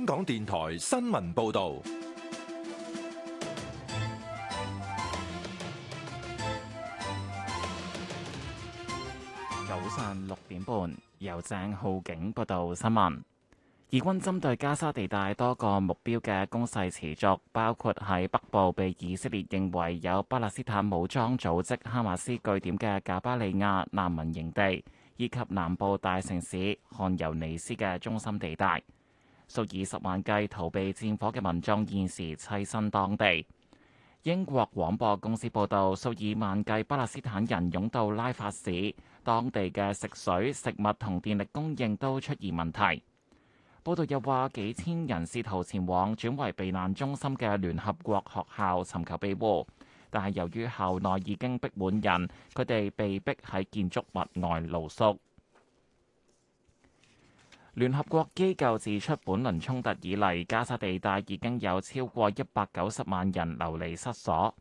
香港電台新聞報道，早上六點半，由鄭浩景報道新聞。以軍針對加沙地帶多個目標嘅攻勢持續，包括喺北部被以色列認為有巴勒斯坦武裝組織哈馬斯據點嘅賈巴利亞難民營地，以及南部大城市汗尤尼斯嘅中心地帶。數以十萬計逃避戰火嘅民眾現時棲身當地。英國廣播公司報道，數以萬計巴勒斯坦人湧到拉法市，當地嘅食水、食物同電力供應都出現問題。報道又話，幾千人試圖前往轉為避難中心嘅聯合國學校尋求庇護，但係由於校內已經逼滿人，佢哋被逼喺建築物外露宿。聯合國機構指出，本輪衝突以嚟，加沙地帶已經有超過一百九十萬人流離失所。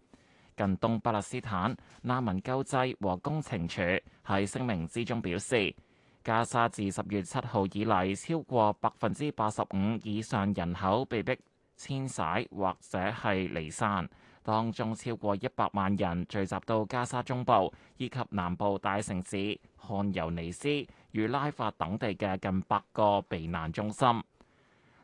近東巴勒斯坦難民救濟和工程署喺聲明之中表示，加沙自十月七號以嚟，超過百分之八十五以上人口被逼遷徙或者係離散，當中超過一百萬人聚集到加沙中部以及南部大城市漢尤尼斯，與拉法等地嘅近百個避難中心。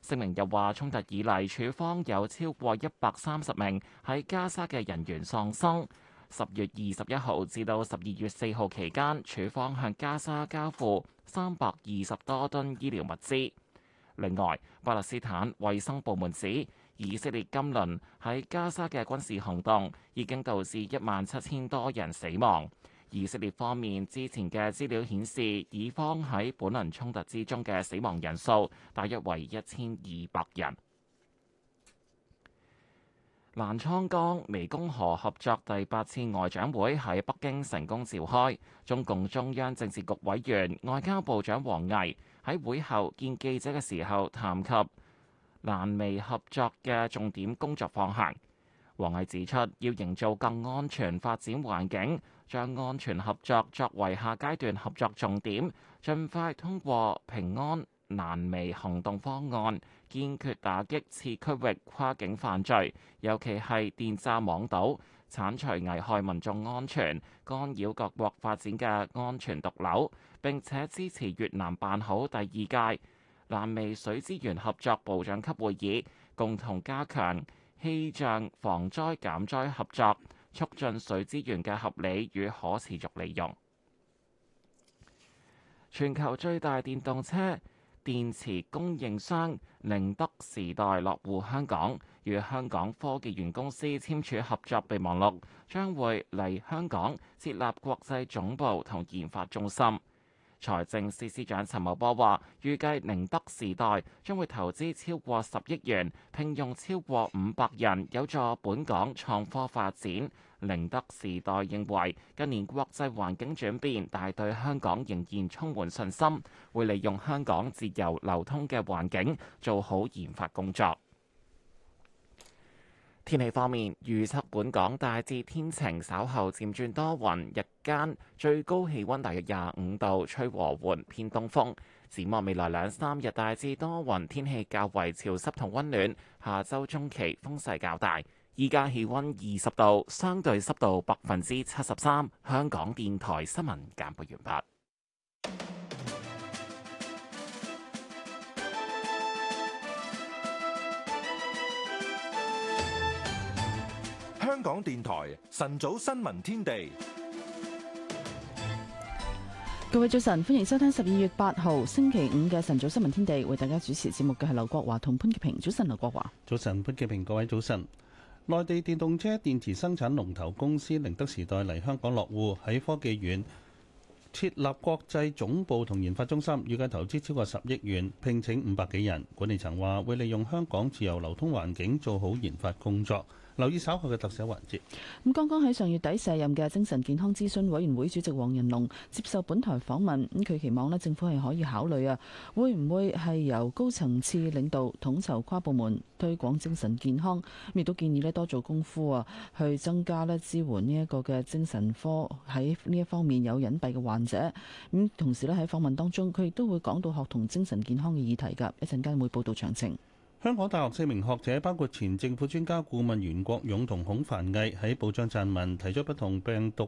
聲明又話，衝突以嚟，處方有超過一百三十名喺加沙嘅人員喪生。十月二十一號至到十二月四號期間，處方向加沙交付三百二十多噸醫療物資。另外，巴勒斯坦衛生部門指，以色列今輪喺加沙嘅軍事行動已經導致一萬七千多人死亡。以色列方面之前嘅資料顯示，以方喺本輪衝突之中嘅死亡人數大約為一千二百人。瀾滄江湄公河合作第八次外長會喺北京成功召開，中共中央政治局委員外交部長王毅喺會後見記者嘅時候談及瀾湄合作嘅重點工作方向，王毅指出，要營造更安全發展環境。將安全合作作為下階段合作重點，盡快通過《平安瀾湄行動方案》，堅決打擊次區域跨境犯罪，尤其係電詐網賭，剷除危害民眾安全、干擾各國發展嘅安全毒瘤。並且支持越南辦好第二屆瀾湄水資源合作部長級會議，共同加強氣象防災減災合作。促進水資源嘅合理與可持續利用。全球最大電動車電池供應商寧德時代落戶香港，與香港科技園公司簽署合作備忘錄，將會嚟香港設立國際總部同研發中心。財政司司長陳茂波話，預計寧德時代將會投資超過十億元，聘用超過五百人，有助本港創科發展。寧德時代認為近年國際環境轉變，但對香港仍然充滿信心，會利用香港自由流通嘅環境做好研發工作。天氣方面，預測本港大致天晴，稍後漸轉多雲，日間最高氣溫大約廿五度，吹和緩，偏東風。展望未來兩三日大致多雲，天氣較為潮濕同溫暖。下周中期風勢較大。依家氣溫二十度，相對濕度百分之七十三。香港電台新聞簡報完畢。香港電台晨早新聞天地，各位早晨，歡迎收聽十二月八號星期五嘅晨早新聞天地，為大家主持節目嘅係劉國華同潘潔平。早晨，劉國華。早晨，潘潔平。各位早晨，內地電動車電池生產龍頭公司寧德時代嚟香港落戶，喺科技園設立國際總部同研發中心，預計投資超過十億元，聘請五百幾人。管理層話會利用香港自由流通環境做好研發工作。留意稍後嘅特寫環節。咁剛剛喺上月底卸任嘅精神健康諮詢委員會主席黃仁龍接受本台訪問，咁佢期望咧政府係可以考慮啊，會唔會係由高層次領導統籌跨部門推廣精神健康？咁亦都建議咧多做功夫啊，去增加咧支援呢一個嘅精神科喺呢一方面有隱蔽嘅患者。咁同時咧喺訪問當中，佢亦都會講到學童精神健康嘅議題㗎。一陣間會報道詳情。香港大學四名學者，包括前政府專家顧問袁國勇同孔凡毅，喺報章撰文提出不同病毒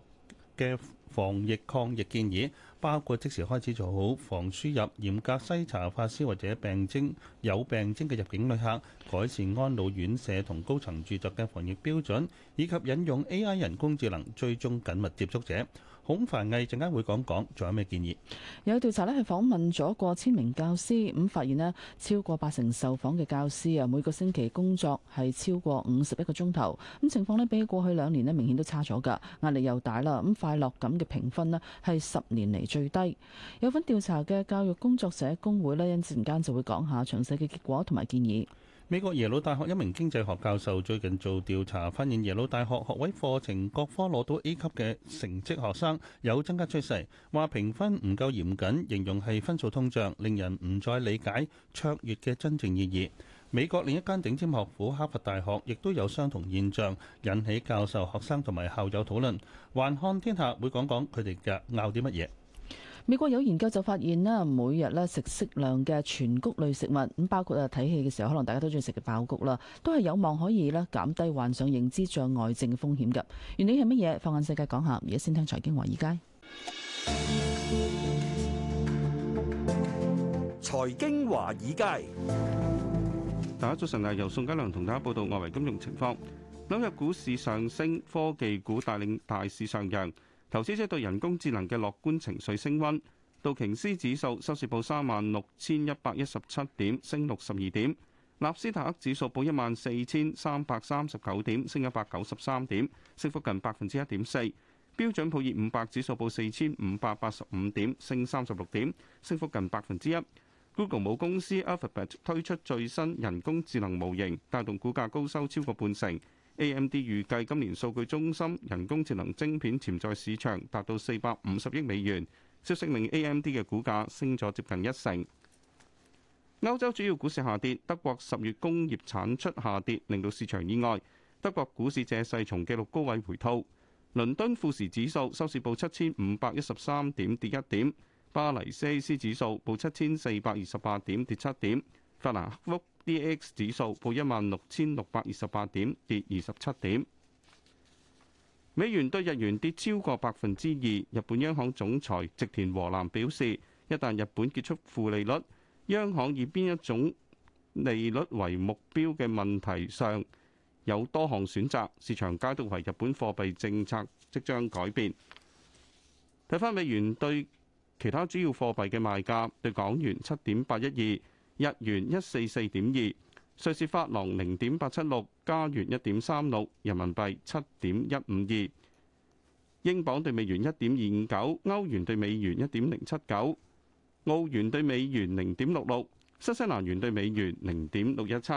嘅防疫抗疫建議包括即時開始做好防輸入、嚴格篩查發燒或者病徵有病徵嘅入境旅客，改善安老院舍同高層住宅嘅防疫標準，以及引用 AI 人工智能追蹤緊密接觸者。孔凡毅陣間會講講仲有咩建議？有調查咧係訪問咗過千名教師，咁發現咧超過八成受訪嘅教師啊每個星期工作係超過五十一個鐘頭，咁情況咧比過去兩年咧明顯都差咗噶，壓力又大啦，咁快樂感嘅評分呢，係十年嚟最低，有份調查嘅教育工作者工會呢，一陣間就會講下詳細嘅結果同埋建議。美國耶魯大學一名經濟學教授最近做調查，發現耶魯大學學位課程各科攞到 A 級嘅成績學生有增加趨勢，話評分唔夠嚴謹，形容係分數通脹，令人唔再理解卓越嘅真正意義。美國另一間頂尖學府哈佛大學亦都有相同現象，引起教授、學生同埋校友討論。環看天下會講講佢哋嘅拗啲乜嘢？美國有研究就發現咧，每日咧食適量嘅全谷類食物，咁包括啊睇戲嘅時候，可能大家都中意食嘅爆谷啦，都係有望可以咧減低患上認知障礙症風險嘅。原理係乜嘢？放眼世界講下，而家先聽財經華爾街。財經華爾街。大家早晨啊！由宋嘉良同大家報道外圍金融情況。紐約股市上升，科技股帶領大市上揚，投資者對人工智能嘅樂觀情緒升溫。道瓊斯指數收市報三萬六千一百一十七點，升六十二點。納斯達克指數報一萬四千三百三十九點，升一百九十三點，升幅近百分之一點四。標準普爾五百指數報四千五百八十五點，升三十六點，升幅近百分之一。Google 母公司 Alphabet 推出最新人工智能模型，帶動股價高收超過半成。AMD 預計今年數據中心人工智能晶片潛在市場達到四百五十億美元，消息令 AMD 嘅股價升咗接近一成。歐洲主要股市下跌，德國十月工業產出下跌，令到市場意外。德國股市借勢從紀錄高位回吐。倫敦富時指數收市報七千五百一十三點，跌一點。巴黎 CAC 指數報七千四百二十八點，跌七點。法蘭克福 DAX 指數報一萬六千六百二十八點，跌二十七點。美元對日元跌超過百分之二。日本央行總裁植田和男表示，一旦日本結束負利率，央行以邊一種利率為目標嘅問題上有多項選擇。市場解讀為日本貨幣政策即將改變。睇翻美元對其他主要貨幣嘅賣價：對港元七點八一二，日元一四四點二，瑞士法郎零點八七六，加元一點三六，人民幣七點一五二，英鎊對美元一點二五九，歐元對美元一點零七九，澳元對美元零點六六，新西蘭元對美元零點六一七。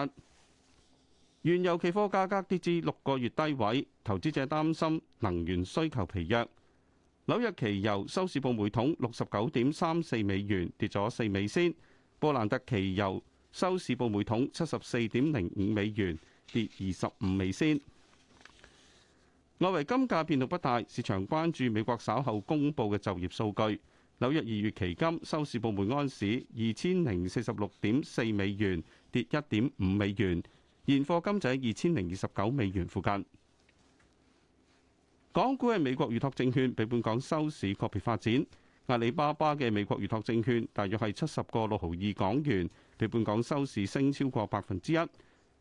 原油期貨價格跌至六個月低位，投資者擔心能源需求疲弱。紐約期油收市報每桶六十九點三四美元，跌咗四美仙。布蘭特期油收市報每桶七十四點零五美元，跌二十五美仙。外圍金價變動不大，市場關注美國稍後公佈嘅就業數據。紐約二月期金收市報每安士二千零四十六點四美元，跌一點五美元。現貨金就喺二千零二十九美元附近。港股嘅美國預託證券，比本港收市個別發展。阿里巴巴嘅美國預託證券大約係七十個六毫二港元，比本港收市升超過百分之一。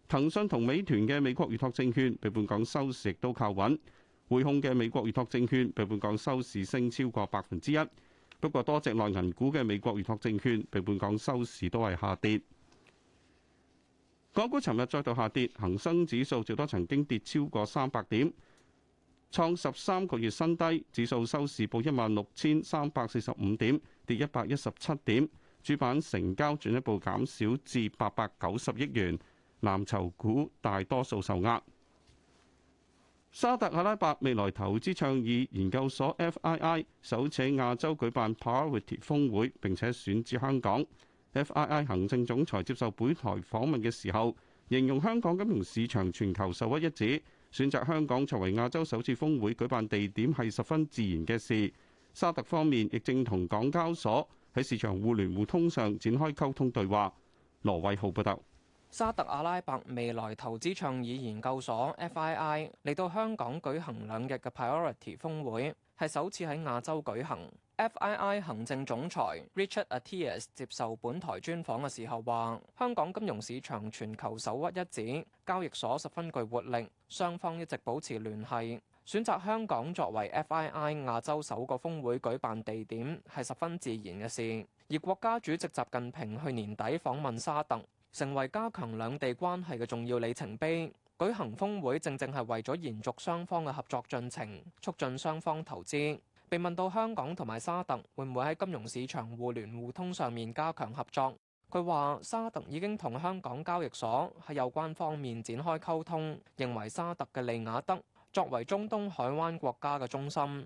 騰訊同美團嘅美國預託證券，比本港收市亦都靠穩。匯控嘅美國預託證券，比本港收市升超過百分之一。不過多隻內銀股嘅美國預託證券，比本港收市都係下跌。港股尋日再度下跌，恒生指數最多曾經跌超過三百點。創十三個月新低，指數收市報一萬六千三百四十五點，跌一百一十七點。主板成交進一步減少至八百九十億元，藍籌股大多數受壓。沙特阿拉伯未來投資倡議研究所 FII 首次亞洲舉辦 PRIORITY 峰會，並且選址香港。FII 行政總裁接受本台訪問嘅時候，形容香港金融市場全球首屈一指。選擇香港作為亞洲首次峰會舉辦地點係十分自然嘅事。沙特方面亦正同港交所喺市場互聯互通上展開溝通對話。羅偉浩報道，沙特阿拉伯未來投資倡議研究所 FII 嚟到香港舉行兩日嘅 Priority 峰會。係首次喺亞洲舉行。FII 行政總裁 Richard Attias 接受本台專訪嘅時候話：香港金融市場全球首屈一指，交易所十分具活力，雙方一直保持聯繫。選擇香港作為 FII 亞洲首個峰會舉辦地點係十分自然嘅事。而國家主席習近平去年底訪問沙特，成為加強兩地關係嘅重要里程碑。舉行峰會正正係為咗延續雙方嘅合作進程，促進雙方投資。被問到香港同埋沙特會唔會喺金融市場互聯互通上面加強合作，佢話沙特已經同香港交易所喺有關方面展開溝通，認為沙特嘅利雅德作為中東海灣國家嘅中心。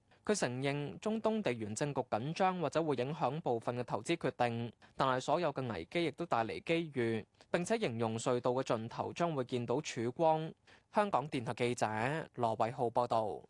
佢承認中東地緣政局緊張或者會影響部分嘅投資決定，但係所有嘅危機亦都帶嚟機遇。並且形容隧道嘅盡頭將會見到曙光。香港電台記者羅偉浩報道。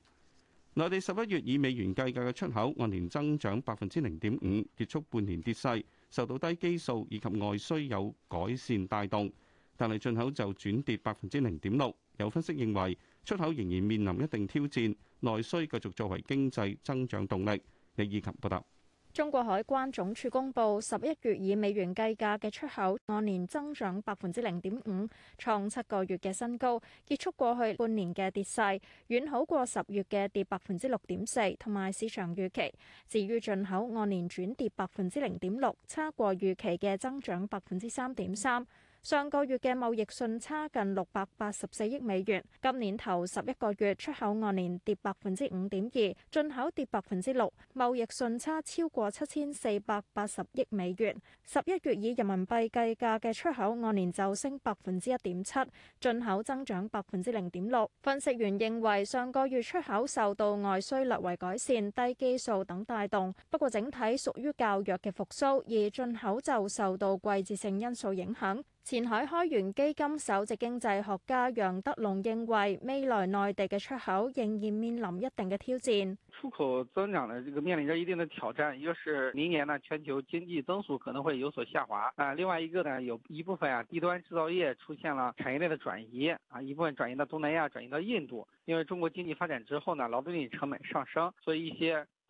內地十一月以美元計價嘅出口按年增長百分之零點五，結束半年跌勢，受到低基數以及外需有改善帶動。但係進口就轉跌百分之零點六。有分析認為出口仍然面臨一定挑戰。內需繼續作為經濟增長動力。李以琴報道，中國海關總署公布十一月以美元計價嘅出口按年增長百分之零點五，創七個月嘅新高，結束過去半年嘅跌勢，遠好過十月嘅跌百分之六點四，同埋市場預期。至於進口按年轉跌百分之零點六，差過預期嘅增長百分之三點三。上個月嘅貿易順差近六百八十四億美元，今年頭十一個月出口按年跌百分之五點二，進口跌百分之六，貿易順差超過七千四百八十億美元。十一月以人民幣計價嘅出口按年就升百分之一點七，進口增長百分之零點六。分析員認為，上個月出口受到外需略為改善、低基數等帶動，不過整體屬於較弱嘅復蘇，而進口就受到季節性因素影響。前海開源基金首席經濟學家楊德龍認為，未來內地嘅出口仍然面臨一定嘅挑戰。出口增長呢，這個面臨着一定的挑戰，一個是明年呢全球經濟增速可能會有所下滑啊，另外一個呢有一部分啊低端製造業出現了產業鏈的轉移啊，一部分轉移到東南亞，轉移到印度，因為中國經濟發展之後呢勞動力成本上升，所以一些。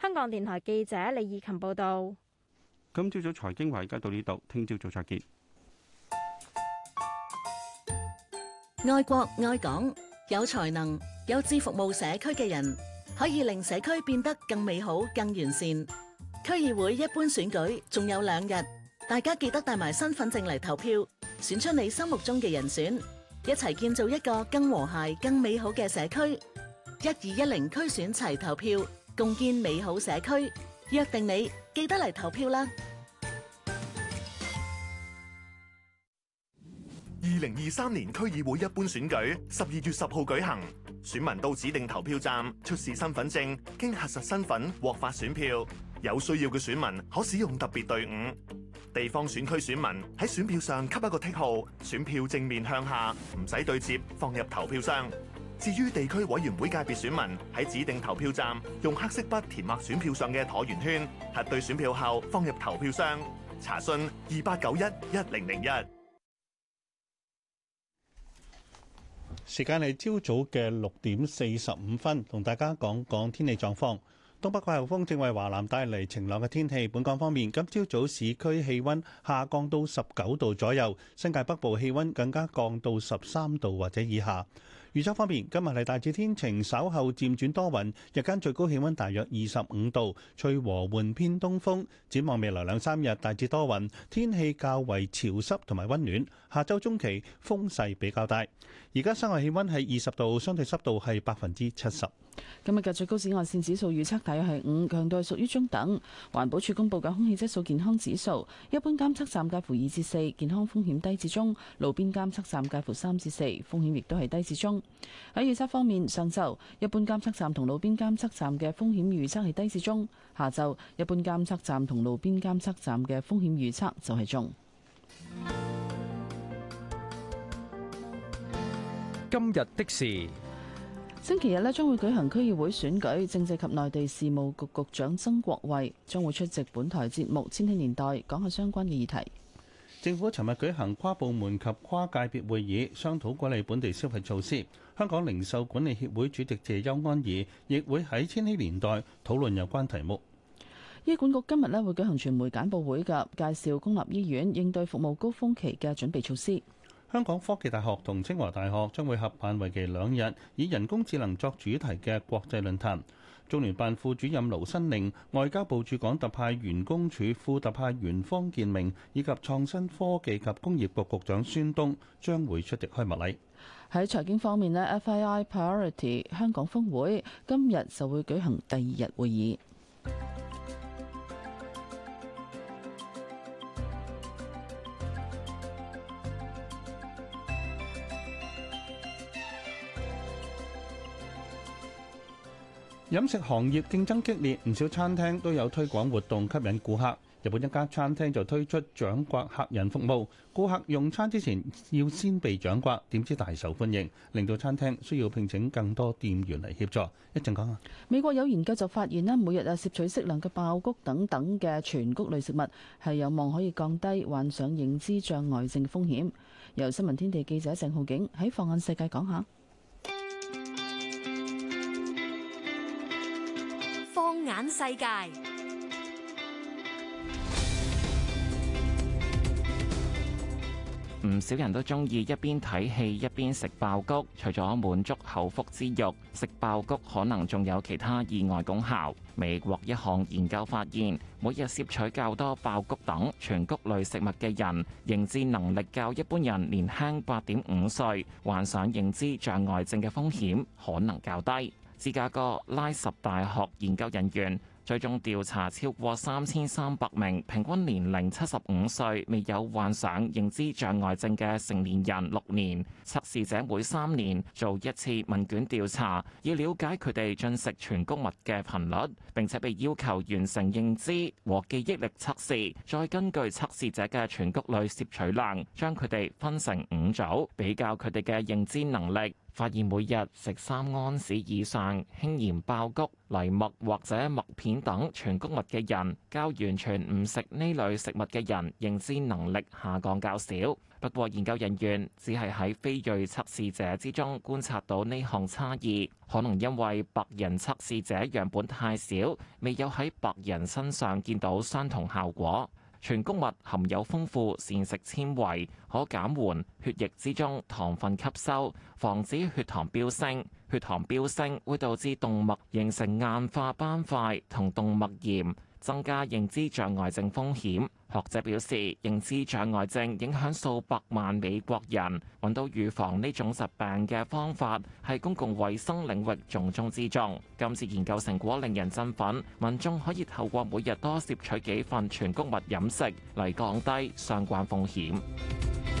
香港電台記者李以琴報道。今朝早財經話而家到呢度，聽朝早再見。愛國愛港、有才能、有志服務社區嘅人，可以令社區變得更美好、更完善。區議會一般選舉仲有兩日，大家記得帶埋身份證嚟投票，選出你心目中嘅人選，一齊建造一個更和諧、更美好嘅社區。一二一零區選齊投票。共建美好社區，約定你記得來投票啦2023年區議會一般選舉12月10號舉行，選民到指定投票站至於地區委員會界別選民喺指定投票站用黑色筆填劃選票上嘅橢圓圈，核對選票後放入投票箱。查詢二八九一一零零一。時間係朝早嘅六點四十五分，同大家講講天氣狀況。東北季候風正為華南帶嚟晴朗嘅天氣。本港方面，今朝早市區氣温下降到十九度左右，新界北部氣温更加降到十三度或者以下。預測方面，今日係大致天晴，稍後漸轉多雲，日間最高氣温大約二十五度，吹和緩偏東風。展望未來兩三日，大致多雲，天氣較為潮濕同埋溫暖。下周中期風勢比較大。而家室外氣溫係二十度，相對濕度係百分之七十。今日嘅最高紫外線指數預測大約係五，強度屬於中等。環保署公布嘅空氣質素健康指數，一般監測站介乎二至四，健康風險低至中；路邊監測站介乎三至四，風險亦都係低至中。喺預測方面，上晝一般監測站同路邊監測站嘅風險預測係低至中；下晝一般監測站同路邊監測站嘅風險預測就係中。今日的事，星期日呢，將會舉行區議會選舉，政制及內地事務局局長曾國衛將會出席本台節目《千禧年代》講下相關嘅議題。政府尋日舉行跨部門及跨界別會議，商討管理本地消費措施。香港零售管理協會主席謝邱安儀亦會喺《千禧年代》討論有關題目。醫管局今日呢，會舉行傳媒簡報會，噶介紹公立醫院應對服務高峰期嘅準備措施。香港科技大學同清華大學將會合辦，為期兩日以人工智能作主題嘅國際論壇。中聯辦副主任盧新寧、外交部駐港特派員公署副特派員方建明以及創新科技及工業局局長孫東將會出席開幕禮。喺財經方面呢，FII Priority 香港峰會今日就會舉行第二日會議。飲食行業競爭激烈，唔少餐廳都有推廣活動吸引顧客。日本一家餐廳就推出掌摑客人服務，顧客用餐之前要先被掌摑，點知大受歡迎，令到餐廳需要聘請更多店員嚟協助。一陣講下，美國有研究就發現呢，每日啊攝取適量嘅爆穀等等嘅全穀類食物係有望可以降低患上認知障礙症風險。由新聞天地記者鄭浩景喺放眼世界講下。眼世界，唔少人都中意一邊睇戲一邊食爆穀。除咗滿足口腹之欲，食爆穀可能仲有其他意外功效。美國一項研究發現，每日攝取較多爆穀等全穀類食物嘅人，認知能力較一般人年輕八點五歲，患上認知障礙症嘅風險可能較低。芝加哥拉什大學研究人員最終調查超過三千三百名平均年齡七十五歲未有患上認知障礙症嘅成年人六年，測試者每三年做一次問卷調查，要了解佢哋進食全穀物嘅頻率，並且被要求完成認知和記憶力測試，再根據測試者嘅全穀類攝取量，將佢哋分成五組，比較佢哋嘅認知能力。發現每日食三安士以上輕鹽爆谷、藜麥或者麥片等全谷物嘅人，較完全唔食呢類食物嘅人認知能力下降較少。不過，研究人員只係喺非裔測試者之中觀察到呢項差異，可能因為白人測試者樣本太少，未有喺白人身上見到相同效果。全谷物含有豐富膳食纖維，可減緩血液之中糖分吸收，防止血糖飆升。血糖飆升會導致動脈形成硬化斑塊同動脈炎。增加認知障礙症風險。學者表示，認知障礙症影響數百萬美國人，揾到預防呢種疾病嘅方法係公共衛生領域重中之重。今次研究成果令人振奮，民眾可以透過每日多攝取幾份全穀物飲食嚟降低相關風險。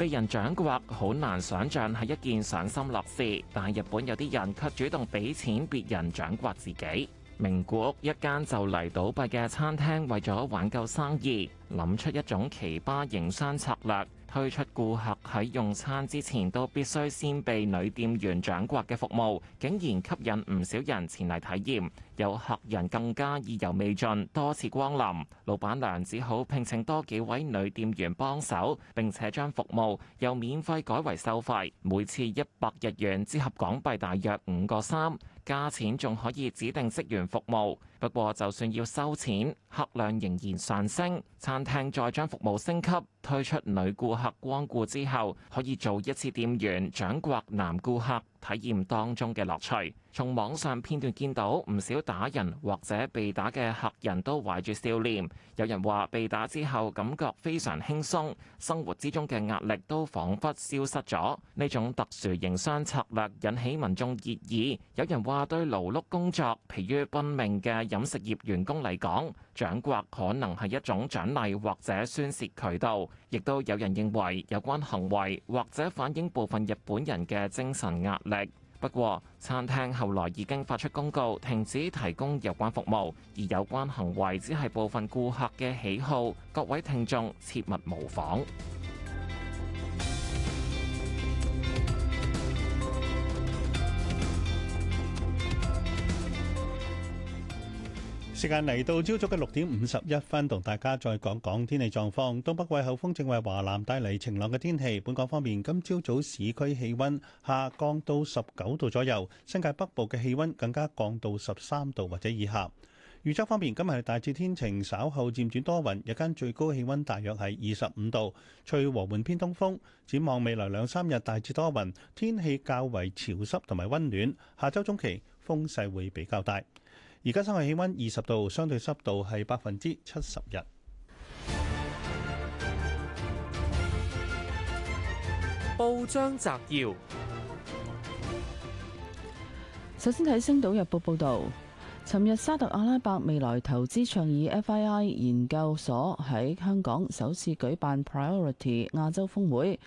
被人掌摑，好難想象係一件賞心樂事。但係日本有啲人卻主動俾錢別人掌摑自己。名古屋一間就嚟倒閉嘅餐廳，為咗挽救生意，諗出一種奇葩營商策略。推出顧客喺用餐之前都必須先被女店員掌摑嘅服務，竟然吸引唔少人前嚟體驗。有客人更加意猶未盡，多次光臨。老闆娘只好聘請多幾位女店員幫手，並且將服務由免費改為收費，每次一百日元，折合港幣大約五個三。加錢仲可以指定職員服務，不過就算要收錢，客量仍然上升。餐廳再將服務升級，推出女顧客光顧之後可以做一次店員掌摑男顧客。體驗當中嘅樂趣。從網上片段見到，唔少打人或者被打嘅客人都懷住笑臉。有人話被打之後感覺非常輕鬆，生活之中嘅壓力都彷彿消失咗。呢種特殊營商策略引起民眾熱議。有人話對勞碌工作、疲於奔命嘅飲食業員工嚟講。獎國可能係一種獎勵或者宣洩渠道，亦都有人認為有關行為或者反映部分日本人嘅精神壓力。不過，餐廳後來已經發出公告，停止提供有關服務，而有關行為只係部分顧客嘅喜好，各位聽眾切勿模仿。時間嚟到朝早嘅六點五十一分，同大家再講講天氣狀況。東北季候風正為華南帶嚟晴朗嘅天氣。本港方面，今朝早市區氣温下降到十九度左右，新界北部嘅氣温更加降到十三度或者以下。預測方面，今日係大致天晴，稍後漸轉多雲，日間最高氣温大約係二十五度，吹和緩偏東風。展望未來兩三日，大致多雲，天氣較為潮濕同埋温暖。下周中期風勢會比較大。而家室外氣温二十度，相對濕度係百分之七十一。報章摘要：首先睇《星島日報》報道，尋日沙特阿拉伯未來投資倡議 FII 研究所喺香港首次舉辦 Priority 亞洲峰會。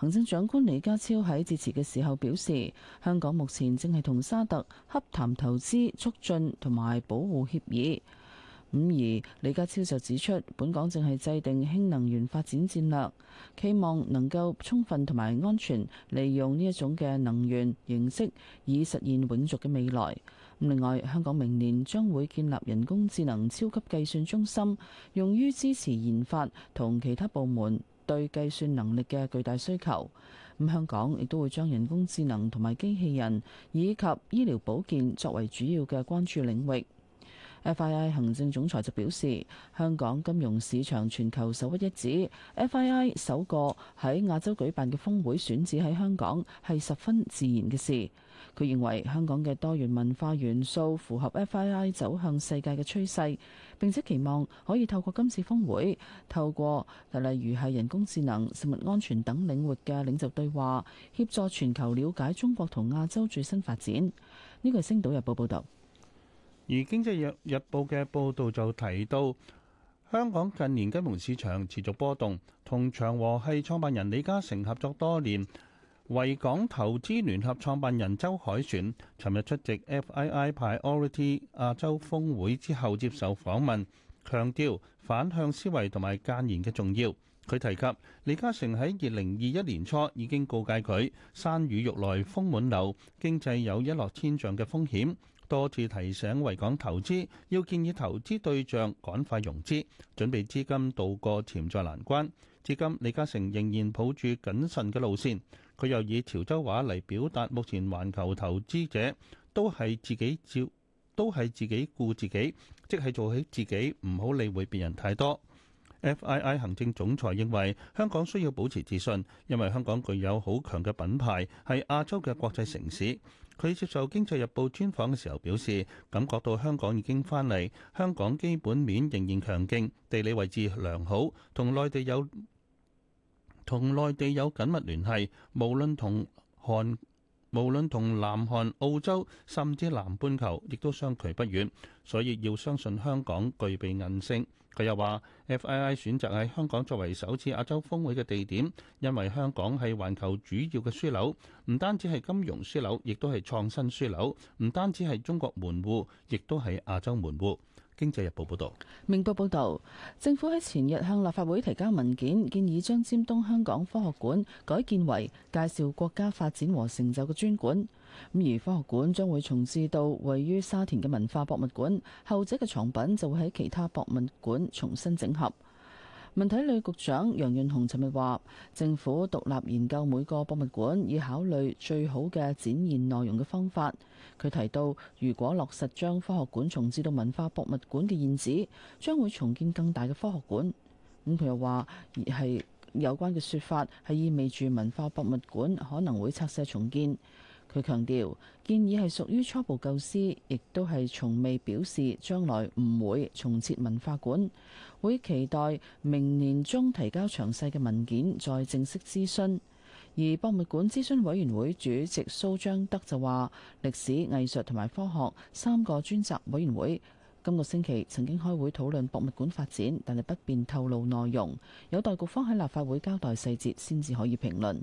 行政長官李家超喺致辭嘅時候表示，香港目前正係同沙特洽談投資促進同埋保護協議。咁而李家超就指出，本港正係制定氫能源發展戰略，期望能夠充分同埋安全利用呢一種嘅能源形式，以實現永續嘅未來。另外，香港明年將會建立人工智能超級計算中心，用於支持研發同其他部門。對計算能力嘅巨大需求，咁香港亦都會將人工智能同埋機器人以及醫療保健作為主要嘅關注領域。FII 行政總裁就表示，香港金融市場全球首屈一指，FII 首個喺亞洲舉辦嘅峰會選址喺香港係十分自然嘅事。佢認為香港嘅多元文化元素符合 FII 走向世界嘅趨勢，並且期望可以透過今次峰會，透過例如係人工智能、食物安全等領域嘅領袖對話，協助全球了解中國同亞洲最新發展。呢個係《星島日報》報道，而《經濟日報》嘅報導就提到，香港近年金融市場持續波動，同長和系創辦人李嘉誠合作多年。維港投資聯合創辦人周凱旋尋日出席 FII Priority 亞洲峰會之後，接受訪問，強調反向思維同埋諫言嘅重要。佢提及李嘉誠喺二零二一年初已經告誡佢山雨欲來風滿樓，經濟有一落千丈嘅風險，多次提醒維港投資要建議投資對象趕快融資，準備資金渡過潛在難關。至今李嘉誠仍然抱住謹慎嘅路線。佢又以潮州話嚟表達，目前環球投資者都係自己照，都係自己顧自己，即係做起自己，唔好理會別人太多。FII 行政總裁認為香港需要保持自信，因為香港具有好強嘅品牌，係亞洲嘅國際城市。佢接受《經濟日報》專訪嘅時候表示，感覺到香港已經翻嚟，香港基本面仍然強勁，地理位置良好，同內地有。同內地有緊密聯繫，無論同韓、無論同南韓、澳洲，甚至南半球，亦都相距不遠。所以要相信香港具備韌性。佢又話：FII 選擇喺香港作為首次亞洲峰會嘅地點，因為香港係環球主要嘅樞紐，唔單止係金融樞紐，亦都係創新樞紐，唔單止係中國門戶，亦都係亞洲門戶。經濟日報報道，明報報道，政府喺前日向立法會提交文件，建議將尖東香港科學館改建為介紹國家發展和成就嘅專館。咁而科學館將會重置到位於沙田嘅文化博物館，後者嘅藏品就會喺其他博物館重新整合。文體旅局長楊潤雄尋日話，政府獨立研究每個博物館，以考慮最好嘅展現內容嘅方法。佢提到，如果落實將科學館重置到文化博物館嘅現址，將會重建更大嘅科學館。咁佢又話，而係有關嘅說法係意味住文化博物館可能會拆卸重建。佢強調建議係屬於初步構思，亦都係從未表示將來唔會重設文化館。會期待明年中提交詳細嘅文件再正式諮詢。而博物館諮詢委員會主席蘇章德就話：歷史、藝術同埋科學三個專責委員會今個星期曾經開會討論博物館發展，但係不便透露內容，有待局方喺立法會交代細節先至可以評論。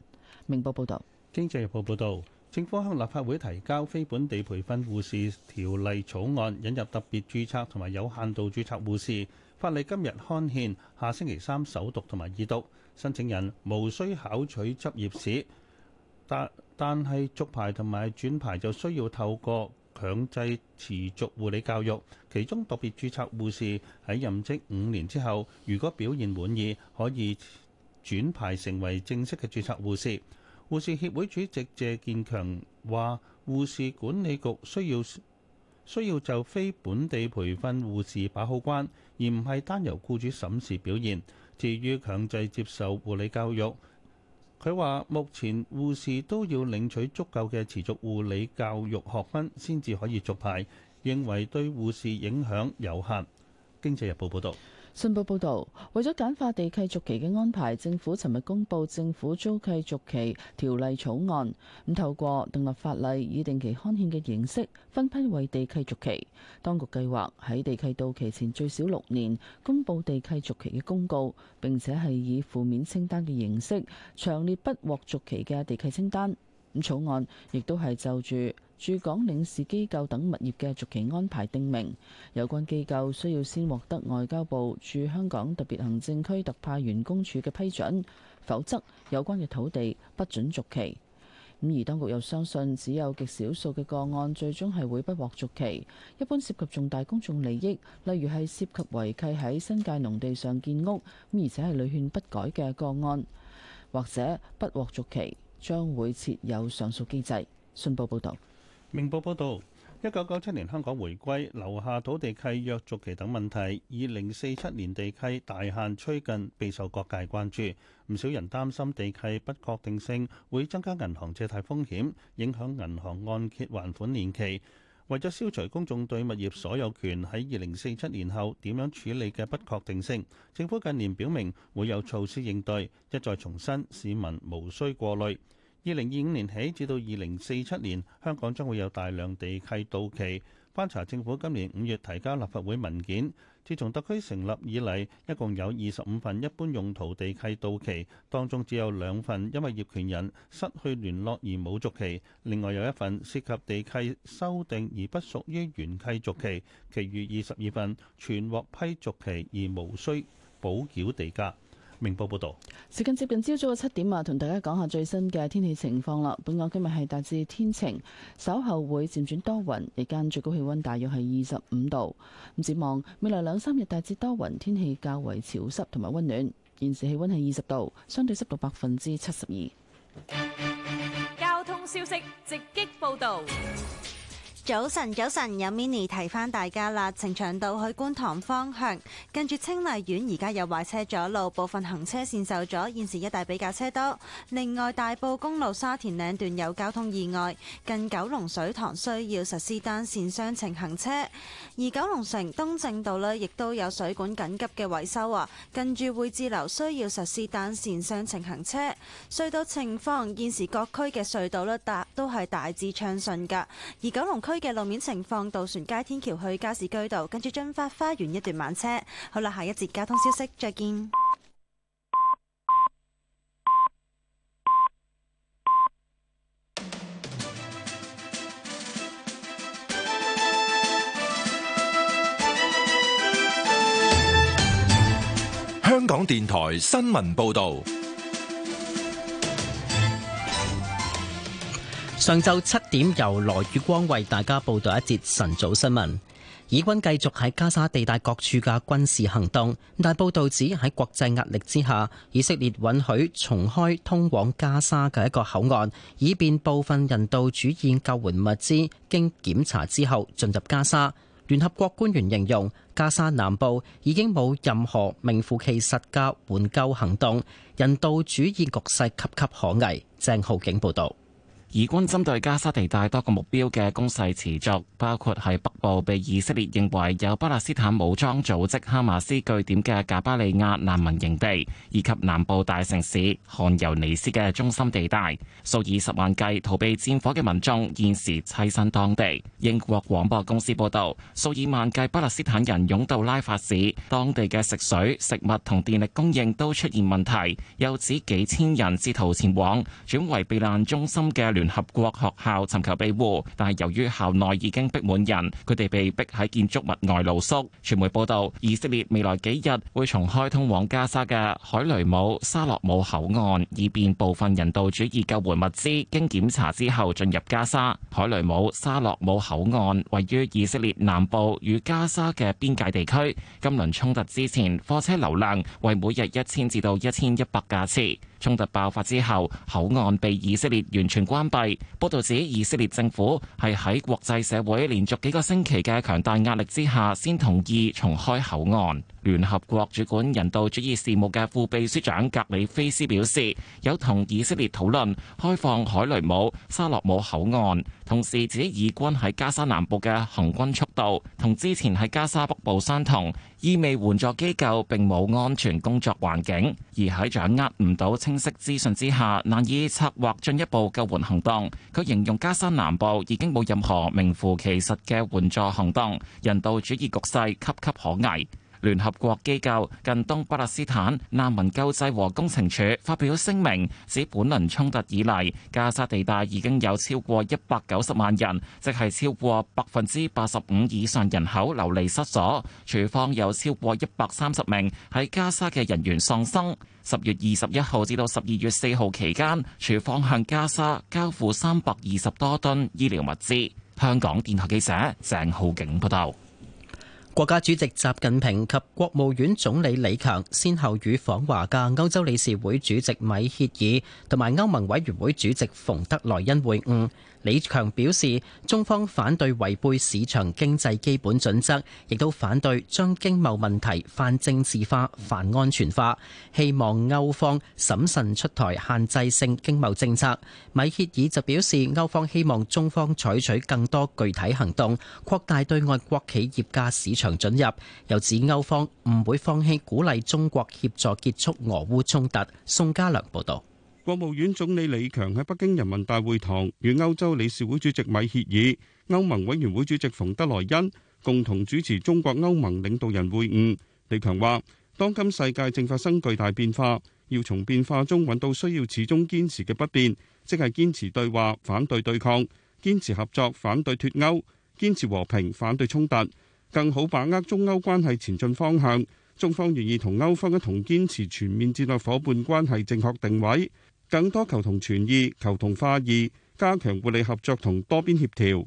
明報報道，《經濟日報》報道。政府向立法會提交非本地培訓護士條例草案，引入特別註冊同埋有限度註冊護士。法例今日刊憲，下星期三首讀同埋二讀。申請人無需考取執業試，但但係續牌同埋轉牌就需要透過強制持續護理教育。其中特別註冊護士喺任職五年之後，如果表現滿意，可以轉牌成為正式嘅註冊護士。護士協會主席謝建強話：護士管理局需要需要就非本地培訓護士把好關，而唔係單由僱主審視表現。至於強制接受護理教育，佢話目前護士都要領取足夠嘅持續護理教育學分先至可以續牌，認為對護士影響有限。經濟日報報導。信報報導，為咗簡化地契續期嘅安排，政府尋日公布政府租契續期條例草案。咁透過訂立法例，以定期刊憲嘅形式分批為地契續期。當局計劃喺地契到期前最少六年公佈地契續期嘅公告，並且係以負面清單嘅形式長列不獲續期嘅地契清單。咁草案亦都係就住。駐港領事機構等物業嘅續期安排定明，有關機構需要先獲得外交部駐香港特別行政區特派員公署嘅批准，否則有關嘅土地不准續期。咁而當局又相信，只有極少數嘅個案最終係會不獲續期，一般涉及重大公眾利益，例如係涉及違契喺新界農地上建屋，咁而且係屢勸不改嘅個案，或者不獲續期，將會設有上訴機制。信報報道。明報報導，一九九七年香港回歸，留下土地契約續期等問題。二零四七年地契大限趨近，備受各界關注。唔少人擔心地契不確定性會增加銀行借貸風險，影響銀行按揭還款年期。為咗消除公眾對物業所有權喺二零四七年後點樣處理嘅不確定性，政府近年表明會有措施應對，一再重申市民無需過慮。二零二五年起至到二零四七年，香港將會有大量地契到期。翻查政府今年五月提交立法會文件，自從特區成立以嚟，一共有二十五份一般用途地契到期，當中只有兩份因為業權人失去聯絡而冇續期，另外有一份涉及地契修訂而不屬於原契續期，其餘二十二份全獲批續期而無需補繳地價。明報報道，時間接近朝早嘅七點啊，同大家講下最新嘅天氣情況啦。本港今日係大致天晴，稍後會漸轉多雲，日間最高氣溫大約係二十五度。咁展望未來兩三日大致多雲，天氣較為潮濕同埋溫暖。現時氣溫係二十度，相對濕度百分之七十二。交通消息直擊報道。早晨，早晨，有 mini 提翻大家啦。呈祥道去觀塘方向，近住清麗苑而家有壞車阻路，部分行車線受阻，現時一帶比較車多。另外，大埔公路沙田嶺段有交通意外，近九龍水塘需要實施單線雙程行車，而九龍城東正道咧，亦都有水管緊急嘅維修啊，近住會志樓需要實施單線雙程行車。隧道情況，現時各區嘅隧道咧大都係大致暢順噶，而九龍區嘅路面情況，渡船街天橋去加士居道，跟住駿發花園一段慢車。好啦，下一節交通消息，再見。香港電台新聞報道。上晝七點，由羅宇光為大家報道一節晨早新聞。以軍繼續喺加沙地帶各處嘅軍事行動，但報道指喺國際壓力之下，以色列允許重開通往加沙嘅一個口岸，以便部分人道主義救援物資經檢查之後進入加沙。聯合國官員形容加沙南部已經冇任何名副其實嘅援救行動，人道主義局勢岌岌可危。鄭浩景報道。以軍針對加沙地帶多個目標嘅攻勢持續，包括喺北部被以色列認為有巴勒斯坦武裝組織哈馬斯據點嘅賈巴利亞難民營地，以及南部大城市汗尤尼斯嘅中心地帶。數以十萬計逃避戰火嘅民眾現時棲身當地。英國廣播公司報導，數以萬計巴勒斯坦人湧到拉法市，當地嘅食水、食物同電力供應都出現問題，又指幾千人試圖前往轉為避難中心嘅聯聯合國學校尋求庇護，但係由於校內已經逼滿人，佢哋被逼喺建築物外露宿。傳媒報道，以色列未來幾日會重開通往加沙嘅海雷姆沙洛姆口岸，以便部分人道主義救援物資經檢查之後進入加沙。海雷姆沙洛姆口岸位於以色列南部與加沙嘅邊界地區。今輪衝突之前，貨車流量為每日一千至到一千一百架次。衝突爆發之後，口岸被以色列完全關閉。報導指，以色列政府係喺國際社會連續幾個星期嘅強大壓力之下，先同意重開口岸。聯合國主管人道主義事務嘅副秘書長格里菲斯表示，有同以色列討論開放海雷姆、沙洛姆口岸，同時指以軍喺加沙南部嘅行軍速度，同之前喺加沙北部相同。意味援助機構並冇安全工作環境，而喺掌握唔到清晰資訊之下，難以策劃進一步救援行動。佢形容加沙南部已經冇任何名副其實嘅援助行動，人道主義局勢岌岌可危。聯合國機構近東巴勒斯坦難民救濟和工程處發表聲明，指本輪衝突以嚟，加沙地帶已經有超過一百九十萬人，即係超過百分之八十五以上人口流離失所。處方有超過一百三十名喺加沙嘅人員喪生。十月二十一號至到十二月四號期間，處方向加沙交付三百二十多噸醫療物資。香港電台記者鄭浩景報道。國家主席習近平及國務院總理李強，先後與訪華嘅歐洲理事會主席米歇爾，同埋歐盟委員會主席馮德萊恩會晤。李強表示，中方反對違背市場經濟基本準則，亦都反對將經貿問題泛政治化、泛安全化，希望歐方審慎出台限制性經貿政策。米歇爾就表示，歐方希望中方採取更多具體行動，擴大對外國企業嘅市場準入，又指歐方唔會放棄鼓勵中國協助結束俄烏衝突。宋家良報道。國務院總理李強喺北京人民大會堂與歐洲理事會主席米歇爾、歐盟委員會主席馮德萊恩共同主持中國歐盟領導人會晤。李強話：當今世界正發生巨大變化，要從變化中揾到需要始終堅持嘅不變，即係堅持對話、反對對抗，堅持合作、反對脫歐，堅持和平、反對衝突，更好把握中歐關係前進方向。中方願意同歐方一同堅持全面戰略夥伴關係正確定位。更多求同存異、求同化異，加強互利合作同多邊協調。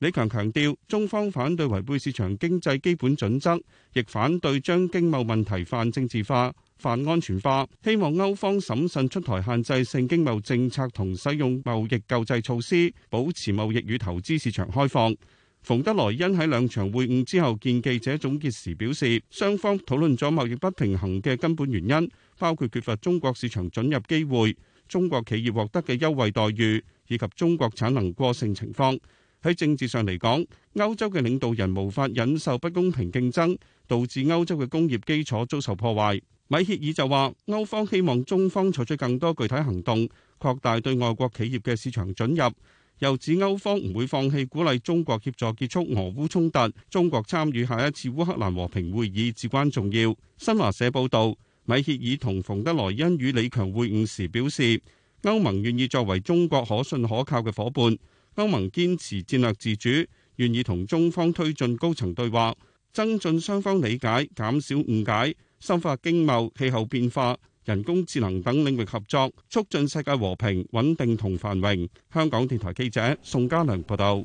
李強強調，中方反對違背市場經濟基本準則，亦反對將經貿問題泛政治化、泛安全化。希望歐方審慎出台限制性經貿政策同使用貿易救濟措施，保持貿易與投資市場開放。馮德萊恩喺兩場會晤之後見記者總結時表示，雙方討論咗貿易不平衡嘅根本原因，包括缺乏中國市場準入機會。中國企業獲得嘅優惠待遇以及中國產能過剩情況，喺政治上嚟講，歐洲嘅領導人無法忍受不公平競爭，導致歐洲嘅工業基礎遭受破壞。米歇爾就話，歐方希望中方採取更多具體行動，擴大對外國企業嘅市場准入。又指歐方唔會放棄鼓勵中國協助結束俄烏衝，衝突，中國參與下一次烏克蘭和平會議至關重要。新華社報導。米歇爾同馮德萊恩與李強會晤時表示，歐盟願意作為中國可信可靠嘅伙伴。歐盟堅持戰略自主，願意同中方推進高層對話，增進雙方理解，減少誤解，深化經貿、氣候變化、人工智能等領域合作，促進世界和平、穩定同繁榮。香港電台記者宋家良報道。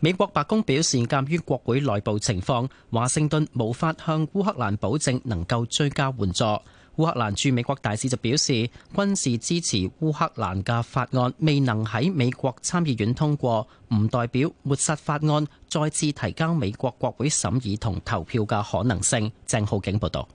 美國白宮表示，鑑於國會內部情況，華盛頓無法向烏克蘭保證能夠追加援助。烏克蘭駐美國大使就表示，軍事支持烏克蘭嘅法案未能喺美國參議院通過，唔代表抹殺法案再次提交美國國會審議同投票嘅可能性。鄭浩景報導。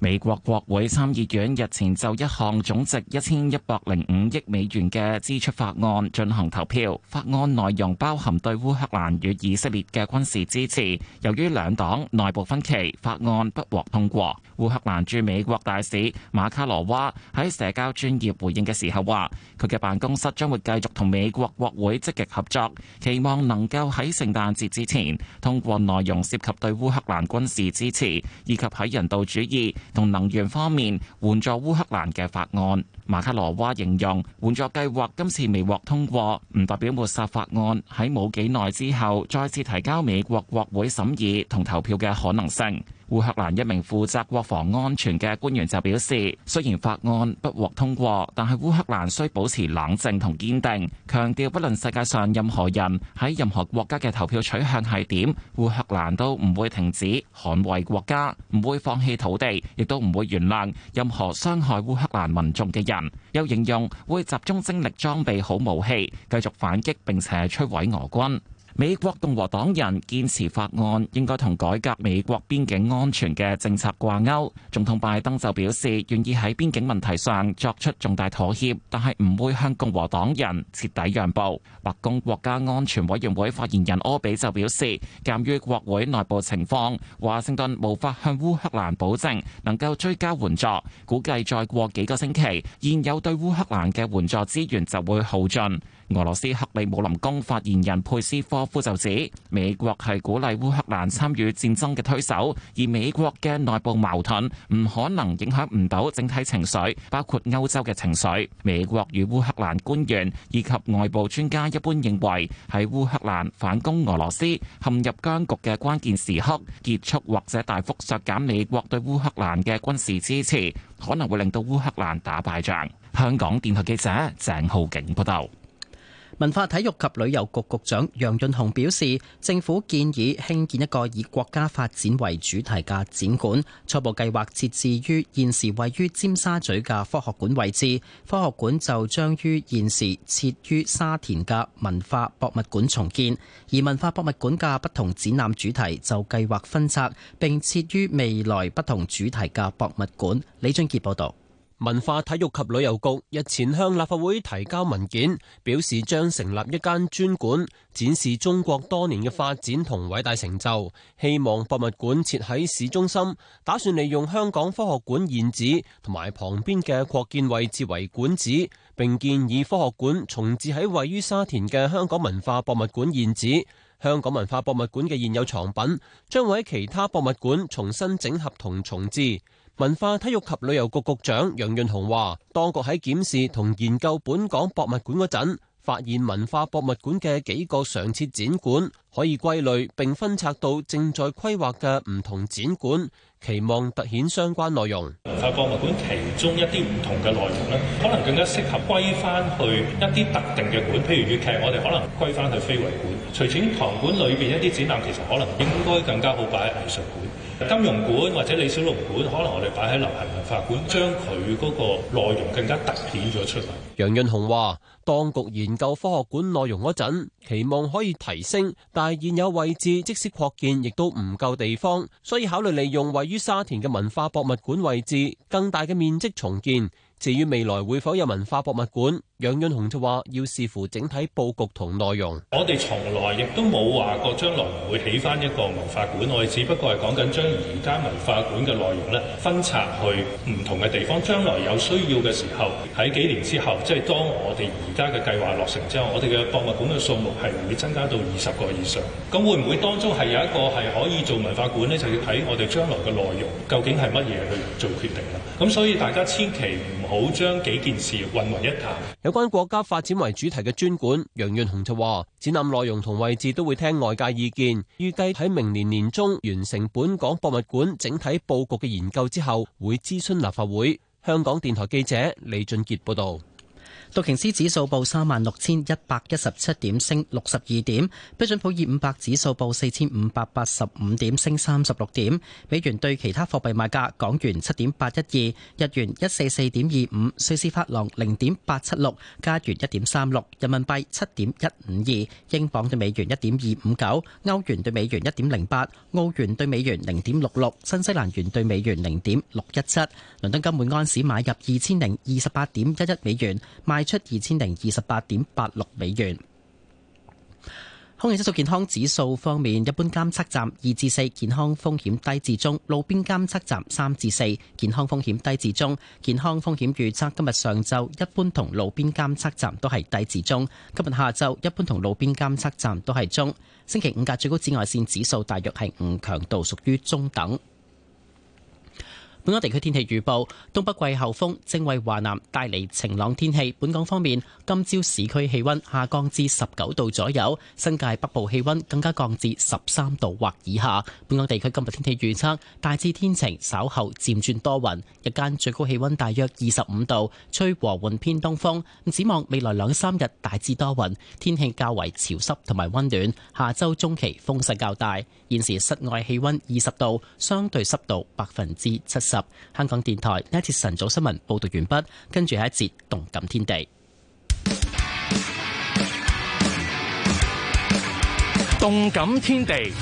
美國國會參議院日前就一項總值一千一百零五億美元嘅支出法案進行投票，法案內容包含對烏克蘭與以色列嘅軍事支持。由於兩黨內部分歧，法案不獲通過。烏克蘭駐美國大使馬卡羅娃喺社交專業回應嘅時候話，佢嘅辦公室將會繼續同美國國會積極合作，期望能夠喺聖誕節之前通過內容涉及對烏克蘭軍事支持以及喺人道主義，同能源方面援助烏克蘭嘅法案，馬卡羅娃形容援助計劃今次未獲通過，唔代表抹殺法案喺冇幾耐之後再次提交美國國會審議同投票嘅可能性。烏克蘭一名負責國防安全嘅官員就表示，雖然法案不獲通過，但係烏克蘭需保持冷靜同堅定，強調不論世界上任何人喺任何國家嘅投票取向係點，烏克蘭都唔會停止捍衛國家，唔會放棄土地，亦都唔會原諒任何傷害烏克蘭民眾嘅人。又形容會集中精力裝備好武器，繼續反擊並且摧毀俄軍。美國共和黨人堅持法案應該同改革美國邊境安全嘅政策掛鈎。總統拜登就表示願意喺邊境問題上作出重大妥協，但係唔會向共和黨人徹底讓步。白宮國家安全委員會發言人柯比就表示，鑑於國會內部情況，華盛頓無法向烏克蘭保證能夠追加援助，估計再過幾個星期，現有對烏克蘭嘅援助資源就會耗盡。俄羅斯克里姆林宮發言人佩斯科夫就指，美國係鼓勵烏克蘭參與戰爭嘅推手，而美國嘅內部矛盾唔可能影響唔到整體情緒，包括歐洲嘅情緒。美國與烏克蘭官員以及外部專家一般認為，喺烏克蘭反攻俄羅斯陷入僵局嘅關鍵時刻，結束或者大幅削減美國對烏克蘭嘅軍事支持，可能會令到烏克蘭打敗仗。香港電台記者鄭浩景報道。文化體育及旅遊局局長楊潤雄表示，政府建議興建一個以國家發展為主題嘅展館，初步計劃設置於現時位於尖沙咀嘅科學館位置。科學館就將於現時設於沙田嘅文化博物館重建，而文化博物館嘅不同展覽主題就計劃分拆，並設於未來不同主題嘅博物館。李俊傑報導。文化體育及旅遊局日前向立法會提交文件，表示將成立一間專館，展示中國多年嘅發展同偉大成就。希望博物館設喺市中心，打算利用香港科學館現址同埋旁邊嘅擴建位置為館址，並建議科學館重置喺位於沙田嘅香港文化博物館現址。香港文化博物館嘅現有藏品將喺其他博物館重新整合同重置。文化、體育及旅遊局局長楊潤雄話當局喺檢視同研究本港博物館嗰陣，發現文化博物館嘅幾個常設展館可以歸類並分拆到正在規劃嘅唔同展館，期望凸顯相關內容。文化博物館其中一啲唔同嘅內容咧，可能更加適合歸翻去一啲特定嘅館，譬如粵劇，我哋可能歸翻去非遺館，徐展堂館裏邊一啲展覽其實可能應該更加好擺藝術館。金融館或者李小龍館，可能我哋擺喺流行文化館，將佢嗰個內容更加突顯咗出嚟。楊潤雄話當局研究科學館內容嗰陣，期望可以提升，但係現有位置即使擴建，亦都唔夠地方，所以考慮利用位於沙田嘅文化博物館位置，更大嘅面積重建。至於未來會否有文化博物館？楊潤雄就話：要視乎整體布局同內容。我哋從來亦都冇話過將來唔會起翻一個文化館，我哋只不過係講緊將而家文化館嘅內容咧分拆去唔同嘅地方。將來有需要嘅時候，喺幾年之後，即係當我哋而家嘅計劃落成之後，我哋嘅博物館嘅數目係會增加到二十個以上。咁會唔會當中係有一個係可以做文化館咧？就要、是、睇我哋將來嘅內容究竟係乜嘢去做決定啦。咁所以大家千祈唔好將幾件事混為一談。有關國家發展為主題嘅專館，楊潤雄就話：展覽內容同位置都會聽外界意見，預計喺明年年中完成本港博物館整體布局嘅研究之後，會諮詢立法會。香港電台記者李俊杰報道。道瓊斯指數報三萬六千一百一十七點，升六十二點。標準普爾五百指數報四千五百八十五點，升三十六點。美元對其他貨幣賣價：港元七點八一二，日元一四四點二五，瑞士法郎零點八七六，加元一點三六，人民幣七點一五二，英鎊對美元一點二五九，歐元對美元一點零八，澳元對美元零點六六，新西蘭元對美元零點六一七。倫敦金每安士買入二千零二十八點一一美元。賣出二千零二十八點八六美元。空氣質素健康指數方面，一般監測站二至四，健康風險低至中，路邊監測站三至四，健康風險低至中。健康風險預測，今日上晝一般同路邊監測站都係低至中，今日下晝一般同路邊監測站都係中。星期五嘅最高紫外線指數大約係五，強度屬於中等。本港地區天氣預報：東北季候風正為華南帶嚟晴朗天氣。本港方面，今朝市區氣溫下降至十九度左右，新界北部氣溫更加降至十三度或以下。本港地區今日天氣預測大致天晴，稍後漸轉多雲，日間最高氣溫大約二十五度，吹和緩偏東風。展望未來兩三日大致多雲，天氣較為潮濕同埋溫暖。下週中期風勢較大。現時室外氣溫二十度，相對濕度百分之七十。香港電台呢一節晨早新聞報道完畢，跟住係一節動感天地。動感天地。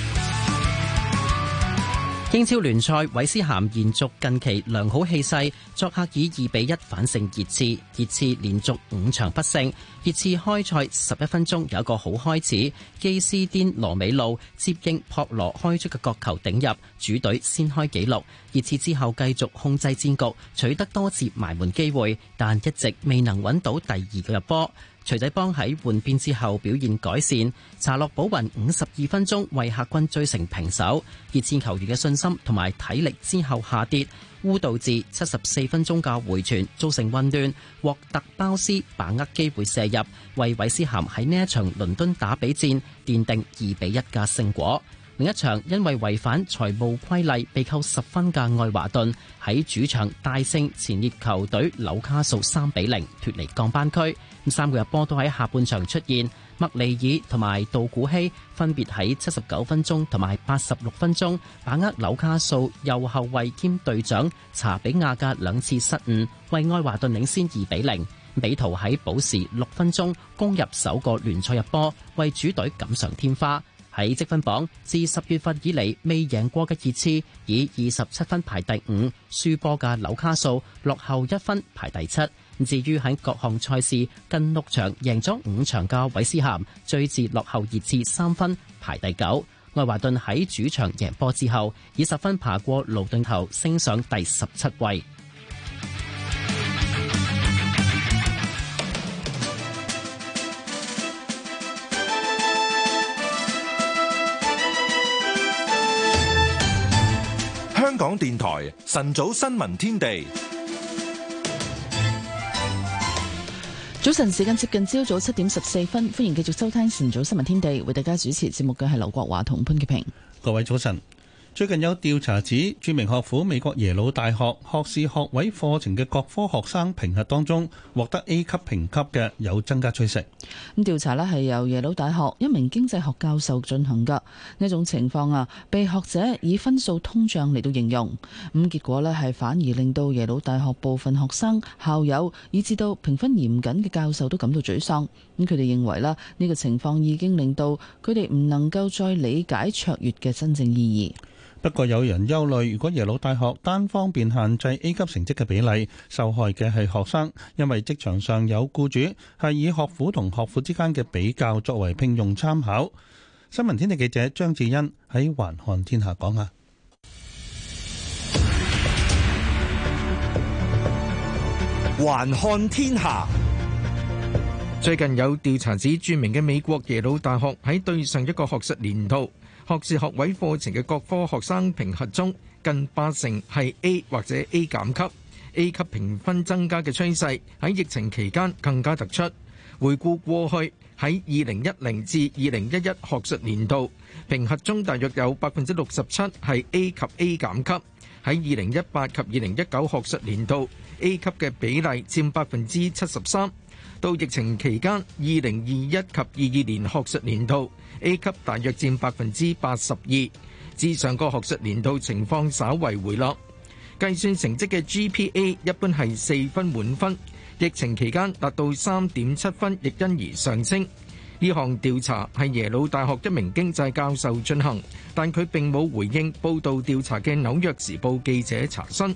英超聯賽，韋斯咸延續近期良好氣勢，作客以二比一反勝熱刺。熱刺連續五場不勝，熱刺開賽十一分鐘有一個好開始，基斯甸羅美路接應博羅開出嘅角球頂入，主隊先開紀錄。熱刺之後繼續控制戰局，取得多次埋門機會，但一直未能搵到第二個入波。鎚仔幫喺換邊之後表現改善，查洛保雲五十二分鐘為客軍追成平手。熱戰球員嘅信心同埋體力之後下跌，烏導治七十四分鐘嘅回傳造成混亂，獲特包斯把握機會射入，為韋斯咸喺呢一場倫敦打比戰奠定二比一嘅勝果。另一場因為違反財務規例被扣十分嘅愛華頓喺主場大勝前列球隊紐卡素三比零脫離降班區。三個入波都喺下半場出現，麥利爾同埋杜古希分別喺七十九分鐘同埋八十六分鐘把握紐卡素右後衛兼隊長查比亞嘅兩次失誤，為愛華頓領先二比零。美圖喺補時六分鐘攻入首個聯賽入波，為主隊錦上添花。喺積分榜，自十月份以嚟未贏過嘅熱刺，以二十七分排第五；輸波嘅紐卡素落後，落後一分排第七。至於喺各項賽事近六場贏咗五場嘅韋斯咸，追至落後熱刺三分排第九。愛華頓喺主場贏波之後，以十分爬過盧頓後，升上第十七位。香港電台晨早新聞天地，早晨時間接近朝早七點十四分，歡迎繼續收聽晨早新聞天地，為大家主持節目嘅係劉國華同潘潔平，各位早晨。最近有調查指，著名學府美國耶魯大學學士學位課程嘅各科學生評核當中，獲得 A 級評級嘅有增加趨勢。咁調查呢係由耶魯大學一名經濟學教授進行嘅。呢種情況啊，被學者以分數通脹嚟到形容。咁結果呢，係反而令到耶魯大學部分學生、校友以至到評分嚴謹嘅教授都感到沮喪。咁佢哋認為啦，呢個情況已經令到佢哋唔能夠再理解卓越嘅真正意義。不過有人憂慮，如果耶魯大學單方面限制 A 級成績嘅比例，受害嘅係學生，因為職場上有僱主係以學府同學府之間嘅比較作為聘用參考。新聞天地記者張志欣喺《環看天下》講下，《環看天下》最近有調查指，著名嘅美國耶魯大學喺對上一個學術年度，學士學位課程嘅各科學生評核中，近八成係 A 或者 A 減級，A 級評分增加嘅趨勢喺疫情期間更加突出。回顧過去喺二零一零至二零一一學術年度，評核中大約有百分之六十七係 A 及 A 減級；喺二零一八及二零一九學術年度，A 級嘅比例佔百分之七十三。到疫情期間，二零二一及二二年學術年度 A 級大約佔百分之八十二，至上個學術年度情況稍為回落。計算成績嘅 GPA 一般係四分滿分，疫情期間達到三點七分，亦因而上升。呢項調查係耶魯大學一名經濟教授進行，但佢並冇回應報道調查嘅紐約時報記者查詢。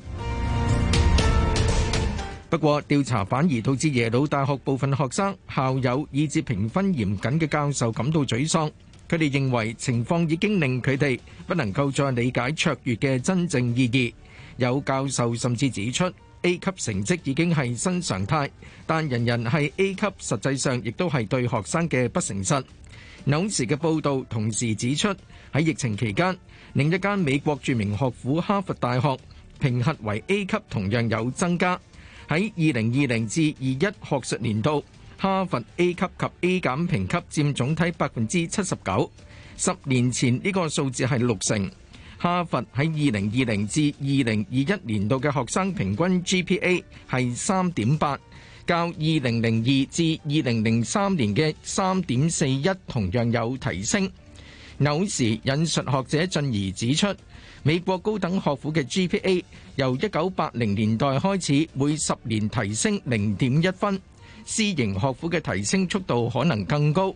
不過，調查反而導致耶魯大學部分學生校友以至評分嚴謹嘅教授感到沮喪。佢哋認為情況已經令佢哋不能夠再理解卓越嘅真正意義。有教授甚至指出，A 級成績已經係新常態，但人人係 A 級，實際上亦都係對學生嘅不誠實。紐時嘅報導同時指出，喺疫情期間，另一間美國著名學府哈佛大學評核為 A 級，同樣有增加。喺二零二零至二一學術年度，哈佛 A 級及 A 減評級佔總體百分之七十九，十年前呢個數字係六成。哈佛喺二零二零至二零二一年度嘅學生平均 GPA 係三點八，較二零零二至二零零三年嘅三點四一，同樣有提升。紐時引述學者進而指出。美國高等學府嘅 GPA 由一九八零年代開始每十年提升零點一分，私營學府嘅提升速度可能更高。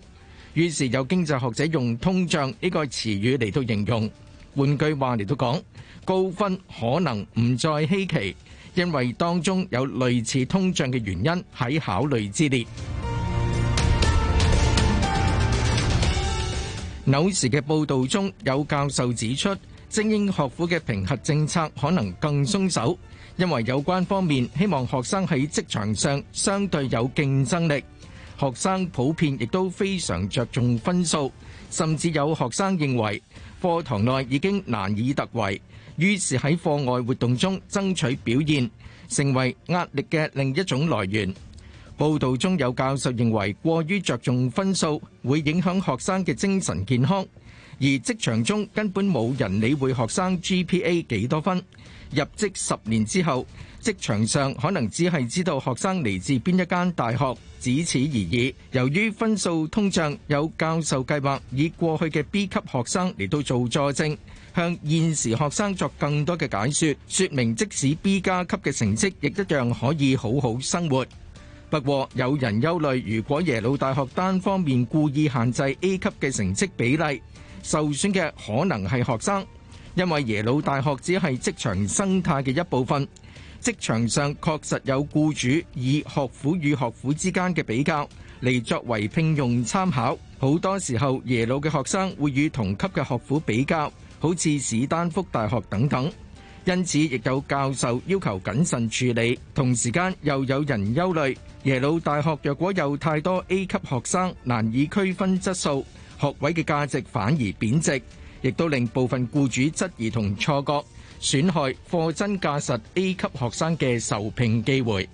於是有經濟學者用通脹呢個詞語嚟到形容，換句話嚟到講，高分可能唔再稀奇，因為當中有類似通脹嘅原因喺考慮之列。紐時嘅報導中有教授指出。精英學府嘅評核政策可能更鬆手，因為有關方面希望學生喺職場上相對有競爭力。學生普遍亦都非常着重分數，甚至有學生認為課堂內已經難以突圍，於是喺課外活動中爭取表現，成為壓力嘅另一種來源。報道中有教授認為過於着重分數會影響學生嘅精神健康。而職場中根本冇人理會學生 GPA 幾多分，入職十年之後，職場上可能只係知道學生嚟自邊一間大學，只此而已。由於分數通脹，有教授計劃以過去嘅 B 級學生嚟到做佐證，向現時學生作更多嘅解說，說明即使 B 加級嘅成績，亦一樣可以好好生活。不過有人憂慮，如果耶魯大學單方面故意限制 A 級嘅成績比例，受損嘅可能係學生，因為耶魯大學只係職場生態嘅一部分。職場上確實有僱主以學府與學府之間嘅比較嚟作為聘用參考，好多時候耶魯嘅學生會與同級嘅學府比較，好似史丹福大學等等。因此，亦有教授要求謹慎處理，同時間又有人憂慮耶魯大學若果有太多 A 級學生，難以區分質素。學位嘅價值反而貶值，亦都令部分僱主質疑同錯覺，損害貨真價實 A 級學生嘅受聘機會。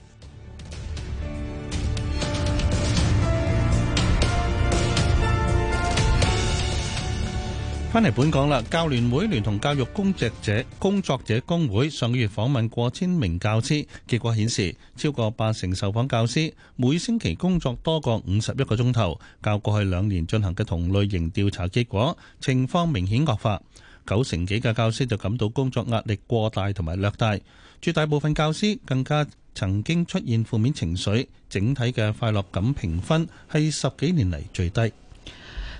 翻嚟本港啦，教聯會聯同教育工作者工作者工會上個月訪問過千名教師，結果顯示超過八成受訪教師每星期工作多過五十一個鐘頭。較過去兩年進行嘅同類型調查結果，情況明顯惡化。九成幾嘅教師就感到工作壓力過大同埋略大，絕大部分教師更加曾經出現負面情緒，整體嘅快樂感評分係十幾年嚟最低。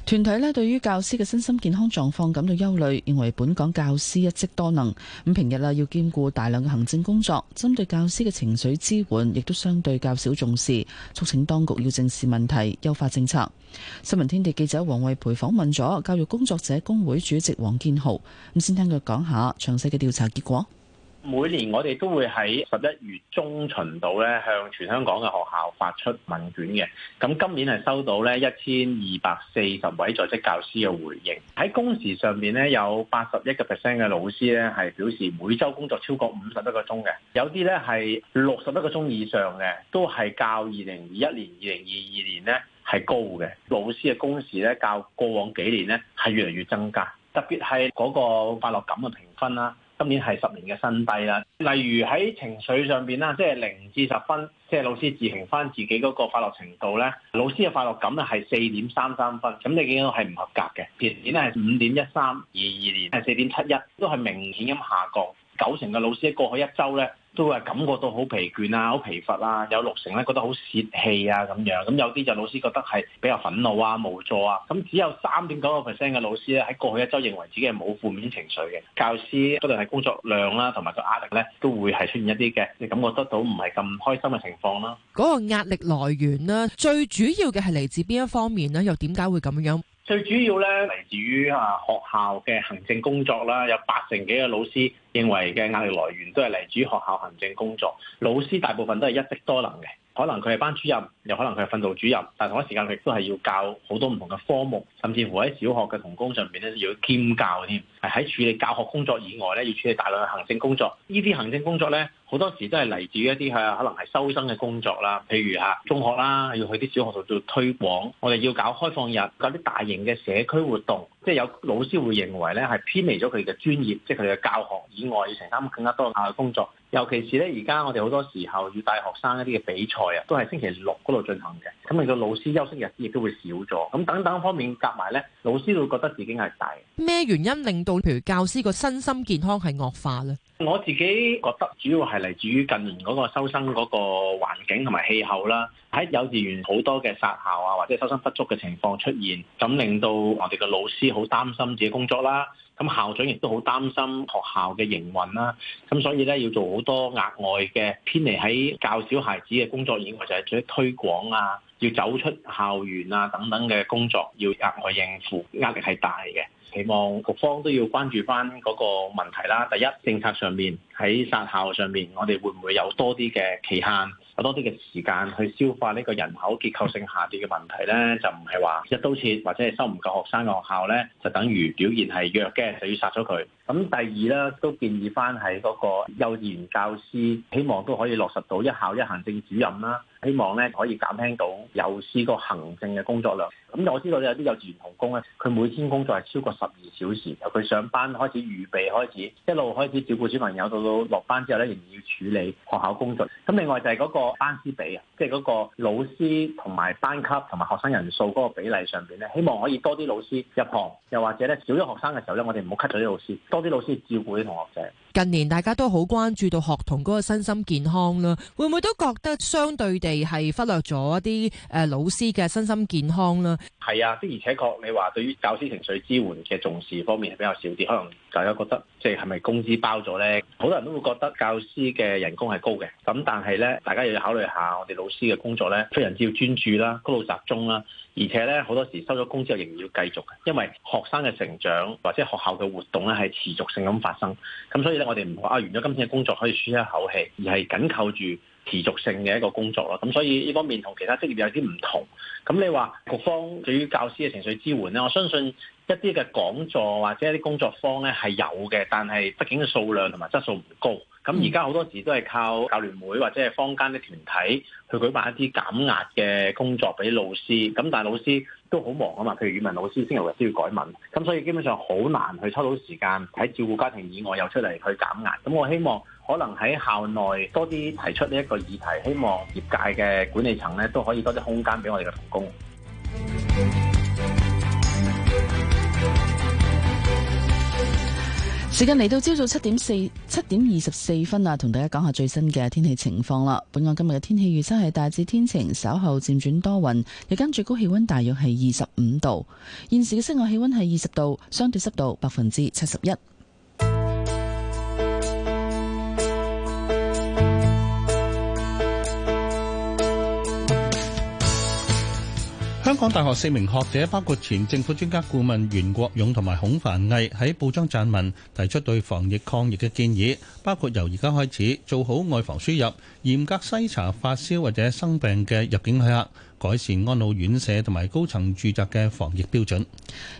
團體咧，對於教師嘅身心健康狀況感到憂慮，認為本港教師一職多能，咁平日啊要兼顧大量嘅行政工作，針對教師嘅情緒支援亦都相對較少重視，促請當局要正視問題，優化政策。新聞天地記者黃慧培訪問咗教育工作者工會主席黃建豪，咁先聽佢講下詳細嘅調查結果。每年我哋都會喺十一月中旬度咧，向全香港嘅學校發出問卷嘅。咁今年係收到咧一千二百四十位在職教師嘅回應。喺工時上面咧，有八十一個 percent 嘅老師咧係表示每週工作超過五十多個鐘嘅，有啲咧係六十多個鐘以上嘅，都係較二零二一年、二零二二年咧係高嘅。老師嘅工時咧較過往幾年咧係越嚟越增加，特別係嗰個快樂感嘅評分啦。今年係十年嘅新低啦。例如喺情緒上邊啦，即係零至十分，即係老師自評翻自己嗰個快樂程度咧。老師嘅快樂感咧係四點三三分，咁你見到係唔合格嘅。前年咧係五點一三二二年係四點七一，71, 都係明顯咁下降。九成嘅老師過去一周咧。都係感覺到好疲倦啊，好疲乏啊，有六成咧覺得好泄氣啊咁樣，咁有啲就老師覺得係比較憤怒啊、無助啊，咁只有三點九個 percent 嘅老師咧喺過去一週認為自己係冇負面情緒嘅。教師嗰度係工作量啦，同埋個壓力咧都會係出現一啲嘅，你感覺得到唔係咁開心嘅情況啦。嗰個壓力來源咧，最主要嘅係嚟自邊一方面咧？又點解會咁樣？最主要咧嚟自於啊學校嘅行政工作啦，有八成幾嘅老師認為嘅壓力來源都係嚟自於學校行政工作，老師大部分都係一職多能嘅。可能佢係班主任，又可能佢係訓導主任，但係同一時間佢亦都係要教好多唔同嘅科目，甚至乎喺小學嘅同工上面咧要兼教添。係喺處理教學工作以外咧，要處理大量嘅行政工作。呢啲行政工作咧，好多時都係嚟自一啲係可能係收生嘅工作啦，譬如下中學啦，要去啲小學度做推廣，我哋要搞開放日，搞啲大型嘅社區活動。即係有老師會認為咧，係偏離咗佢哋嘅專業，即係佢哋嘅教學以外，要承擔更加多嘅工作。尤其是咧，而家我哋好多時候要帶學生一啲嘅比賽。都係星期六嗰度進行嘅，咁你個老師休息日子亦都會少咗，咁等等方面夾埋咧，老師會覺得自己壓力大。咩原因令到譬如教師個身心健康係惡化咧？我自己覺得主要係嚟自於近年嗰個收生嗰個環境同埋氣候啦，喺幼稚園好多嘅殺校啊，或者收生不足嘅情況出現，咁令到我哋嘅老師好擔心自己工作啦。咁校長亦都好擔心學校嘅營運啦，咁所以咧要做好多額外嘅偏離喺教小孩子嘅工作以外，就係、是、做啲推廣啊，要走出校園啊等等嘅工作，要額外應付，壓力係大嘅。希望各方都要關注翻嗰個問題啦。第一，政策上面喺殺校上面，我哋會唔會有多啲嘅期限？多啲嘅時間去消化呢個人口結構性下跌嘅問題咧，就唔係話一刀切或者係收唔夠學生嘅學校咧，就等於表現係弱嘅就要殺咗佢。咁第二咧都建議翻喺嗰個幼兒園教師，希望都可以落實到一校一行政主任啦。希望咧可以減輕到幼師個行政嘅工作量。咁我知道有啲幼稚園同工咧，佢每天工作係超過十二小時。由佢上班開始預備，開始一路開始照顧小朋友，到到落班之後咧仍然要處理學校工作。咁另外就係嗰個班師比啊，即係嗰個老師同埋班級同埋學生人數嗰個比例上邊咧，希望可以多啲老師入行，又或者咧少咗學生嘅時候咧，我哋唔好 cut 咗啲老師，多啲老師照顧啲同學仔。近年大家都好關注到學童嗰個身心健康啦，會唔會都覺得相對地係忽略咗一啲誒、呃、老師嘅身心健康啦？係啊，的而且確你話對於教師情緒支援嘅重視方面係比較少啲，可能大家覺得即係係咪工資包咗呢？好多人都會覺得教師嘅人工係高嘅，咁但係呢，大家又要考慮下我哋老師嘅工作呢，非常之要專注啦，高度集中啦。而且咧，好多時收咗工之後仍然要繼續，因為學生嘅成長或者學校嘅活動咧係持續性咁發生，咁所以咧我哋唔話，啊完咗今天嘅工作可以舒一口氣，而係緊扣住持續性嘅一個工作咯，咁所以呢方面同其他職業有啲唔同。咁你話局方對於教師嘅情緒支援咧，我相信一啲嘅講座或者一啲工作坊咧係有嘅，但係畢竟嘅數量同埋質素唔高。咁而家好多時都係靠教聯會或者係坊間嘅團體去舉辦一啲減壓嘅工作俾老師。咁但係老師都好忙啊嘛，譬如語文老師星期六都要改文，咁所以基本上好難去抽到時間喺照顧家庭以外又出嚟去減壓。咁我希望，可能喺校內多啲提出呢一個議題，希望業界嘅管理層呢都可以多啲空間俾我哋嘅同工。時間嚟到朝早七點四七點二十四分啊，同大家講下最新嘅天氣情況啦。本港今日嘅天氣預測係大致天晴，稍後漸轉多雲，日間最高氣溫大約係二十五度，現時嘅室外氣溫係二十度，相對濕度百分之七十一。香港大學四名學者，包括前政府專家顧問袁國勇同埋孔繁毅，喺報章撰文提出對防疫抗疫嘅建議，包括由而家開始做好外防輸入，嚴格篩查發燒或者生病嘅入境旅客。改善安老院舍同埋高層住宅嘅防疫標準。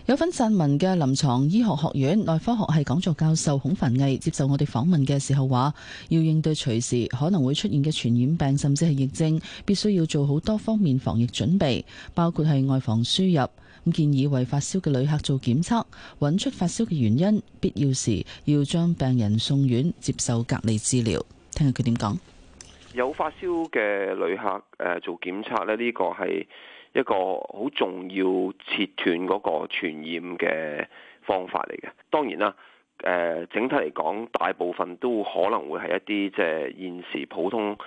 有份撰文嘅臨床醫學學院內科學系講座教授孔凡毅接受我哋訪問嘅時候話，要應對隨時可能會出現嘅傳染病甚至係疫症，必須要做好多方面防疫準備，包括係外防輸入。咁建議為發燒嘅旅客做檢測，揾出發燒嘅原因，必要時要將病人送院接受隔離治療。聽下佢點講。有發燒嘅旅客誒、呃、做檢測咧，呢、這個係一個好重要切斷嗰個傳染嘅方法嚟嘅。當然啦，誒、呃、整體嚟講，大部分都可能會係一啲即係現時普通。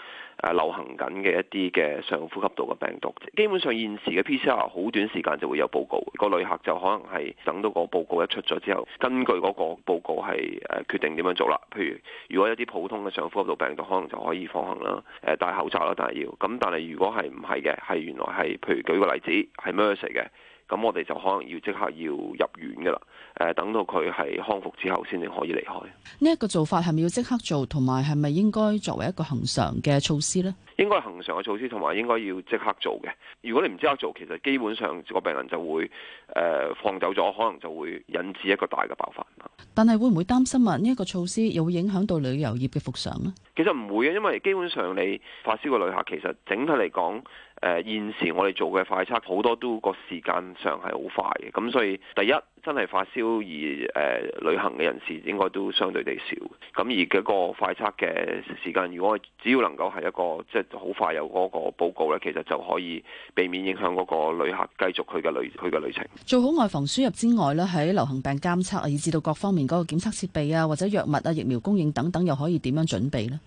誒流行緊嘅一啲嘅上呼吸道嘅病毒，基本上現時嘅 PCR 好短時間就會有報告，個旅客就可能係等到個報告一出咗之後，根據嗰個報告係誒決定點樣做啦。譬如如果一啲普通嘅上呼吸道病毒，可能就可以放行啦，誒戴口罩啦，但係要咁。但係如果係唔係嘅，係原來係譬如舉個例子係 MERS 嘅。咁我哋就可能要即刻要入院噶啦，誒、呃，等到佢係康復之後，先至可以離開。呢一個做法係咪要即刻做，同埋係咪應該作為一個恒常嘅措施呢？應該恒常嘅措施，同埋應該要即刻做嘅。如果你唔即刻做，其實基本上個病人就會誒、呃、放走咗，可能就會引致一個大嘅爆發。但係會唔會擔心啊？呢一個措施又會影響到旅遊業嘅復常呢？其實唔會啊，因為基本上你發燒嘅旅客，其實整體嚟講。誒現時我哋做嘅快測好多都個時間上係好快嘅，咁所以第一真係發燒而誒、呃、旅行嘅人士應該都相對地少。咁而嘅個快測嘅時間，如果只要能夠係一個即係好快有嗰個報告咧，其實就可以避免影響嗰個旅客繼續佢嘅旅佢嘅旅程。做好外防輸入之外咧，喺流行病監測以至到各方面嗰個檢測設備啊，或者藥物啊、疫苗供應等等，又可以點樣準備呢？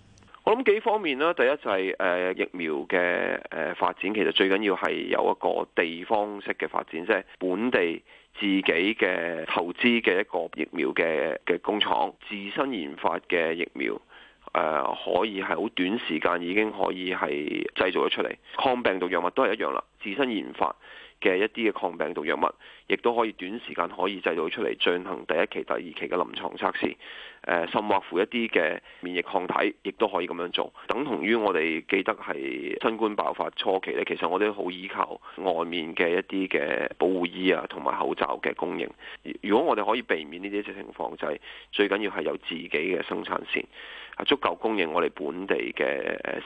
咁幾方面啦，第一就係誒疫苗嘅誒發展，其實最緊要係有一個地方式嘅發展，即係本地自己嘅投資嘅一個疫苗嘅嘅工廠，自身研發嘅疫苗誒可以係好短時間已經可以係製造咗出嚟，抗病毒藥物都係一樣啦，自身研發嘅一啲嘅抗病毒藥物，亦都可以短時間可以製造出嚟進行第一期、第二期嘅臨床測試。誒，甚或乎一啲嘅免疫抗體，亦都可以咁樣做，等同於我哋記得係新冠爆發初期咧。其實我哋好依靠外面嘅一啲嘅保護衣啊，同埋口罩嘅供應。如果我哋可以避免呢啲情況，就係最緊要係有自己嘅生產線，足夠供應我哋本地嘅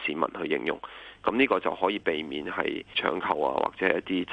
市民去應用。咁呢個就可以避免係搶購啊，或者一啲即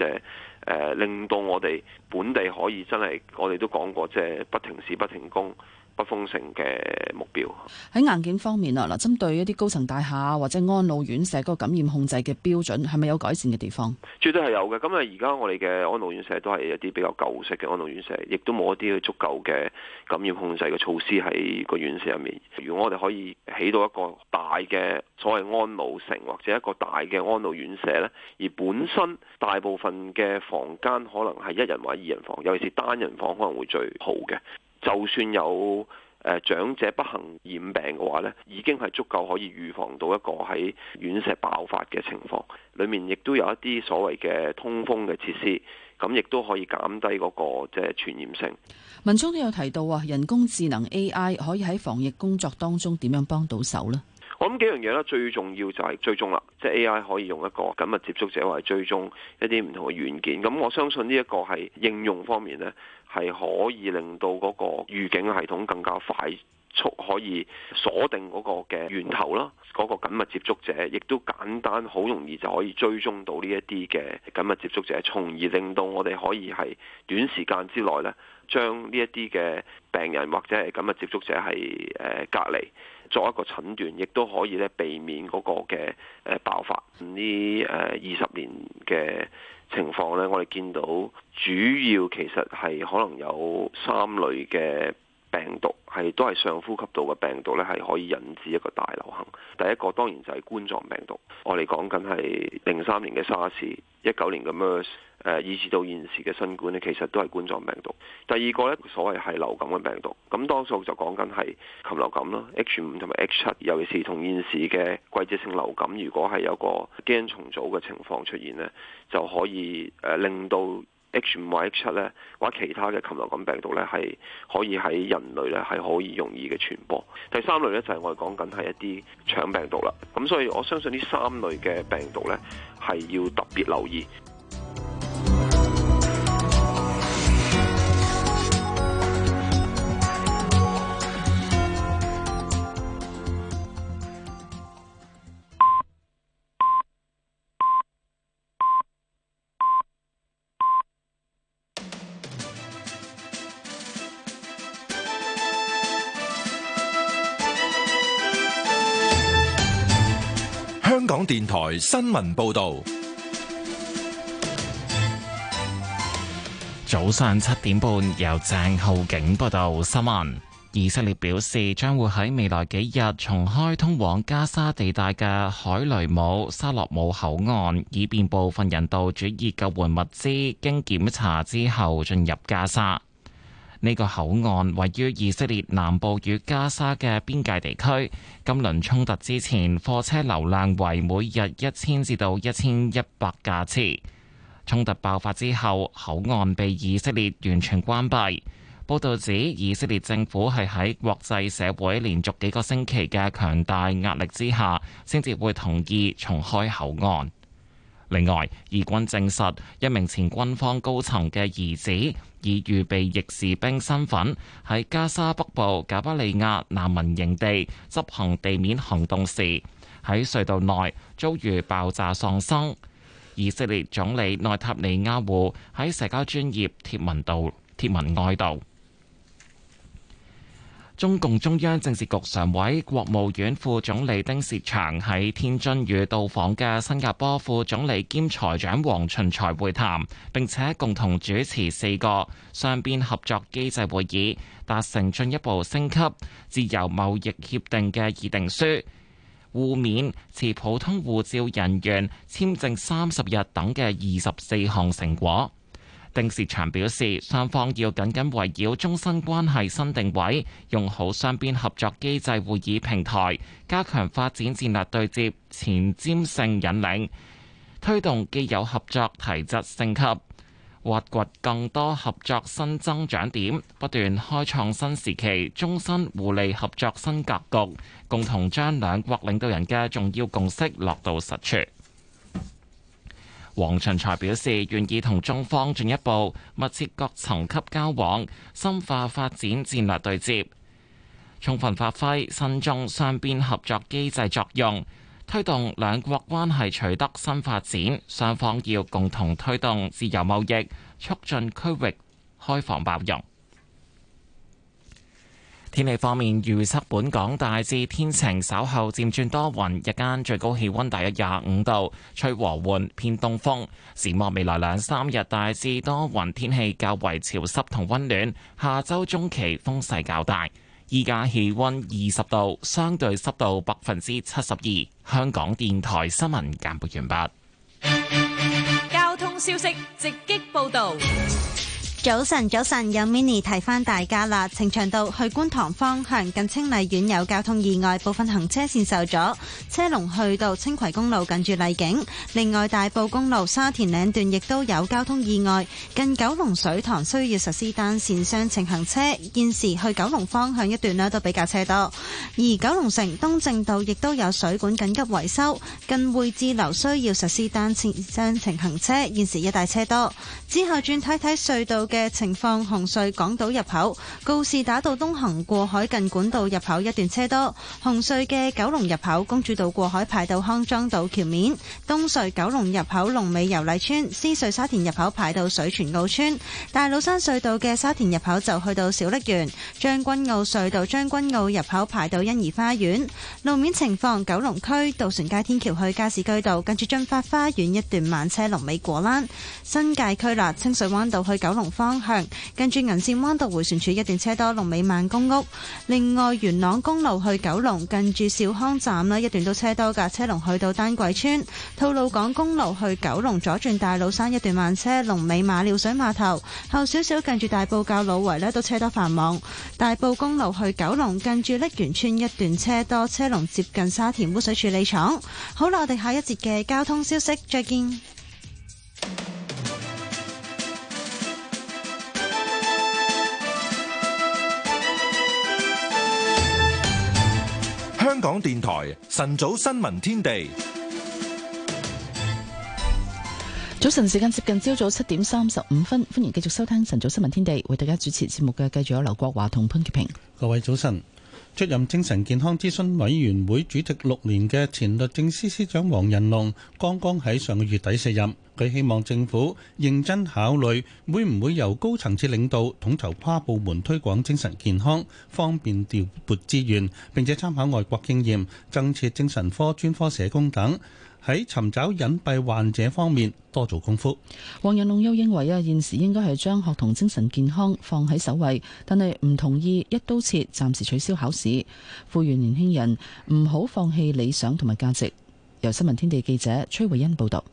係令到我哋本地可以真係，我哋都講過，即係不停市不停工，不封城嘅目標喺硬件方面啊，嗱，針對一啲高層大廈或者安老院舍嗰個感染控制嘅標準，係咪有改善嘅地方？絕對係有嘅。咁啊，而家我哋嘅安老院舍都係一啲比較舊式嘅安老院舍，亦都冇一啲足夠嘅感染控制嘅措施喺個院舍入面。如果我哋可以起到一個大嘅所謂安老城或者一個大嘅安老院舍呢，而本身大部分嘅房間可能係一人或者二人房，尤其是單人房可能會最好嘅。就算有誒長者不幸染病嘅話咧，已經係足夠可以預防到一個喺院舍爆發嘅情況。裡面亦都有一啲所謂嘅通風嘅設施，咁亦都可以減低嗰個即係傳染性。文忠都有提到啊，人工智能 AI 可以喺防疫工作當中點樣幫到手呢？我諗幾樣嘢咧，最重要就係追蹤啦，即係 A I 可以用一個緊密接觸者嚟追蹤一啲唔同嘅軟件。咁我相信呢一個係應用方面呢，係可以令到嗰個預警系統更加快速，可以鎖定嗰個嘅源頭啦，嗰個緊密接觸者，亦都簡單好容易就可以追蹤到呢一啲嘅緊密接觸者，從而令到我哋可以係短時間之內呢，將呢一啲嘅病人或者係緊密接觸者係誒隔離。作一個診斷，亦都可以咧避免嗰個嘅誒爆發。呢誒二十年嘅情況咧，我哋見到主要其實係可能有三類嘅病毒，係都係上呼吸道嘅病毒咧，係可以引致一個大流行。第一個當然就係冠狀病毒，我哋講緊係零三年嘅沙士，一九年嘅 MERS。誒、呃，以至到現時嘅新冠咧，其實都係冠狀病毒。第二個咧，所謂係流感嘅病毒，咁多數就講緊係禽流感啦，H 五同埋 H 七，尤其是同現時嘅季節性流感，如果係有個基因重組嘅情況出現咧，就可以誒、呃、令到 H 五或 H 七咧，或者其他嘅禽流感病毒咧，係可以喺人類咧係可以容易嘅傳播。第三類咧就係、是、我哋講緊係一啲腸病毒啦。咁所以我相信呢三類嘅病毒咧係要特別留意。電台新聞報道，早上七點半由鄭浩景報道新聞。以色列表示將會喺未來幾日重開通往加沙地帶嘅海雷姆沙洛姆口岸，以便部分人道主義救援物資經檢查之後進入加沙。呢個口岸位於以色列南部與加沙嘅邊界地區，今輪衝突之前，貨車流量為每日一千至到一千一百架次。衝突爆發之後口岸被以色列完全關閉。報道指，以色列政府係喺國際社會連續幾個星期嘅強大壓力之下，先至會同意重開口岸。另外，以軍證實一名前軍方高層嘅兒子。以預備役士兵身份喺加沙北部加巴利亞難民營地執行地面行動時，喺隧道內遭遇爆炸喪生。以色列總理內塔尼亞胡喺社交專業貼文道：貼文哀悼。中共中央政治局常委、國務院副總理丁薛祥喺天津與到訪嘅新加坡副總理兼財長黃循財會談，並且共同主持四個雙邊合作機制會議，達成進一步升級自由貿易協定嘅議定書、互免持普通護照人員簽證三十日等嘅二十四項成果。丁薛祥表示，雙方要緊緊圍繞中新關係新定位，用好雙邊合作機制會議平台，加強發展戰略對接、前瞻性引領，推動既有合作提質升級，挖掘更多合作新增長點，不斷開創新時期中新互利合作新格局，共同將兩國領導人嘅重要共識落到實處。黃循財表示，願意同中方進一步密切各層級交往，深化發展戰略對接，充分發揮新中雙邊合作機制作用，推動兩國關係取得新發展。雙方要共同推動自由貿易，促進區域開放包容。天氣方面，預測本港大致天晴，稍後漸轉多雲，日間最高氣温大約廿五度，吹和緩偏東風。展望未來兩三日，大致多雲天氣較為潮濕同温暖。下周中期風勢較大，依家氣温二十度，相對濕度百分之七十二。香港電台新聞簡報完畢。交通消息直擊報道。早晨，早晨，有 mini 提翻大家啦。呈祥道去觀塘方向近清麗苑有交通意外，部分行車線受阻，車龍去到青葵公路近住麗景。另外，大埔公路沙田嶺段亦都有交通意外，近九龍水塘需要實施單線雙程行車。現時去九龍方向一段咧都比較車多。而九龍城東正道亦都有水管緊急維修，近匯智樓需要實施單線雙程行車。現時一帶車多。之後轉睇睇隧道嘅嘅情況，紅隧港島入口告士打道東行過海近管道入口一段車多；紅隧嘅九龍入口公主道過海排到康莊道橋面；東隧九龍入口龍尾油麗村，獅隧沙田入口排到水泉澳村；大老山隧道嘅沙田入口就去到小瀝源；將軍澳隧道將軍澳入口排到欣怡花園。路面情況，九龍區渡船街天橋去加士居道近住進發花園一段慢車龍尾果欄；新界區啦，清水灣道去九龍。方向，近住銀線灣道回旋處一段車多，龍尾萬公屋。另外，元朗公路去九龍，近住兆康站咧，一段都車多噶，車龍去到丹桂村。吐露港公路去九龍，左轉大老山一段慢車，龍尾馬料水碼頭。後少少，近住大埔滘老圍呢都車多繁忙。大埔公路去九龍，近住瀝源村一段車多，車龍接近沙田污水處理廠。好啦，我哋下一節嘅交通消息，再見。香港電台晨早新聞天地，早晨時間接近朝早七點三十五分，歡迎繼續收聽晨早新聞天地，為大家主持節目嘅繼續有劉國華同潘潔平。各位早晨。出任精神健康諮詢委員會主席六年嘅前律政司司長黃仁龍剛剛喺上個月底卸任。佢希望政府認真考慮會唔會由高層次領導統籌跨部門推廣精神健康，方便調撥資源，並且參考外國經驗，增設精神科專科社工等。喺尋找隱蔽患者方面多做功夫。黃仁龍又認為啊，現時應該係將學童精神健康放喺首位，但係唔同意一刀切，暫時取消考試，呼籲年輕人唔好放棄理想同埋價值。由新聞天地記者崔惠恩報道。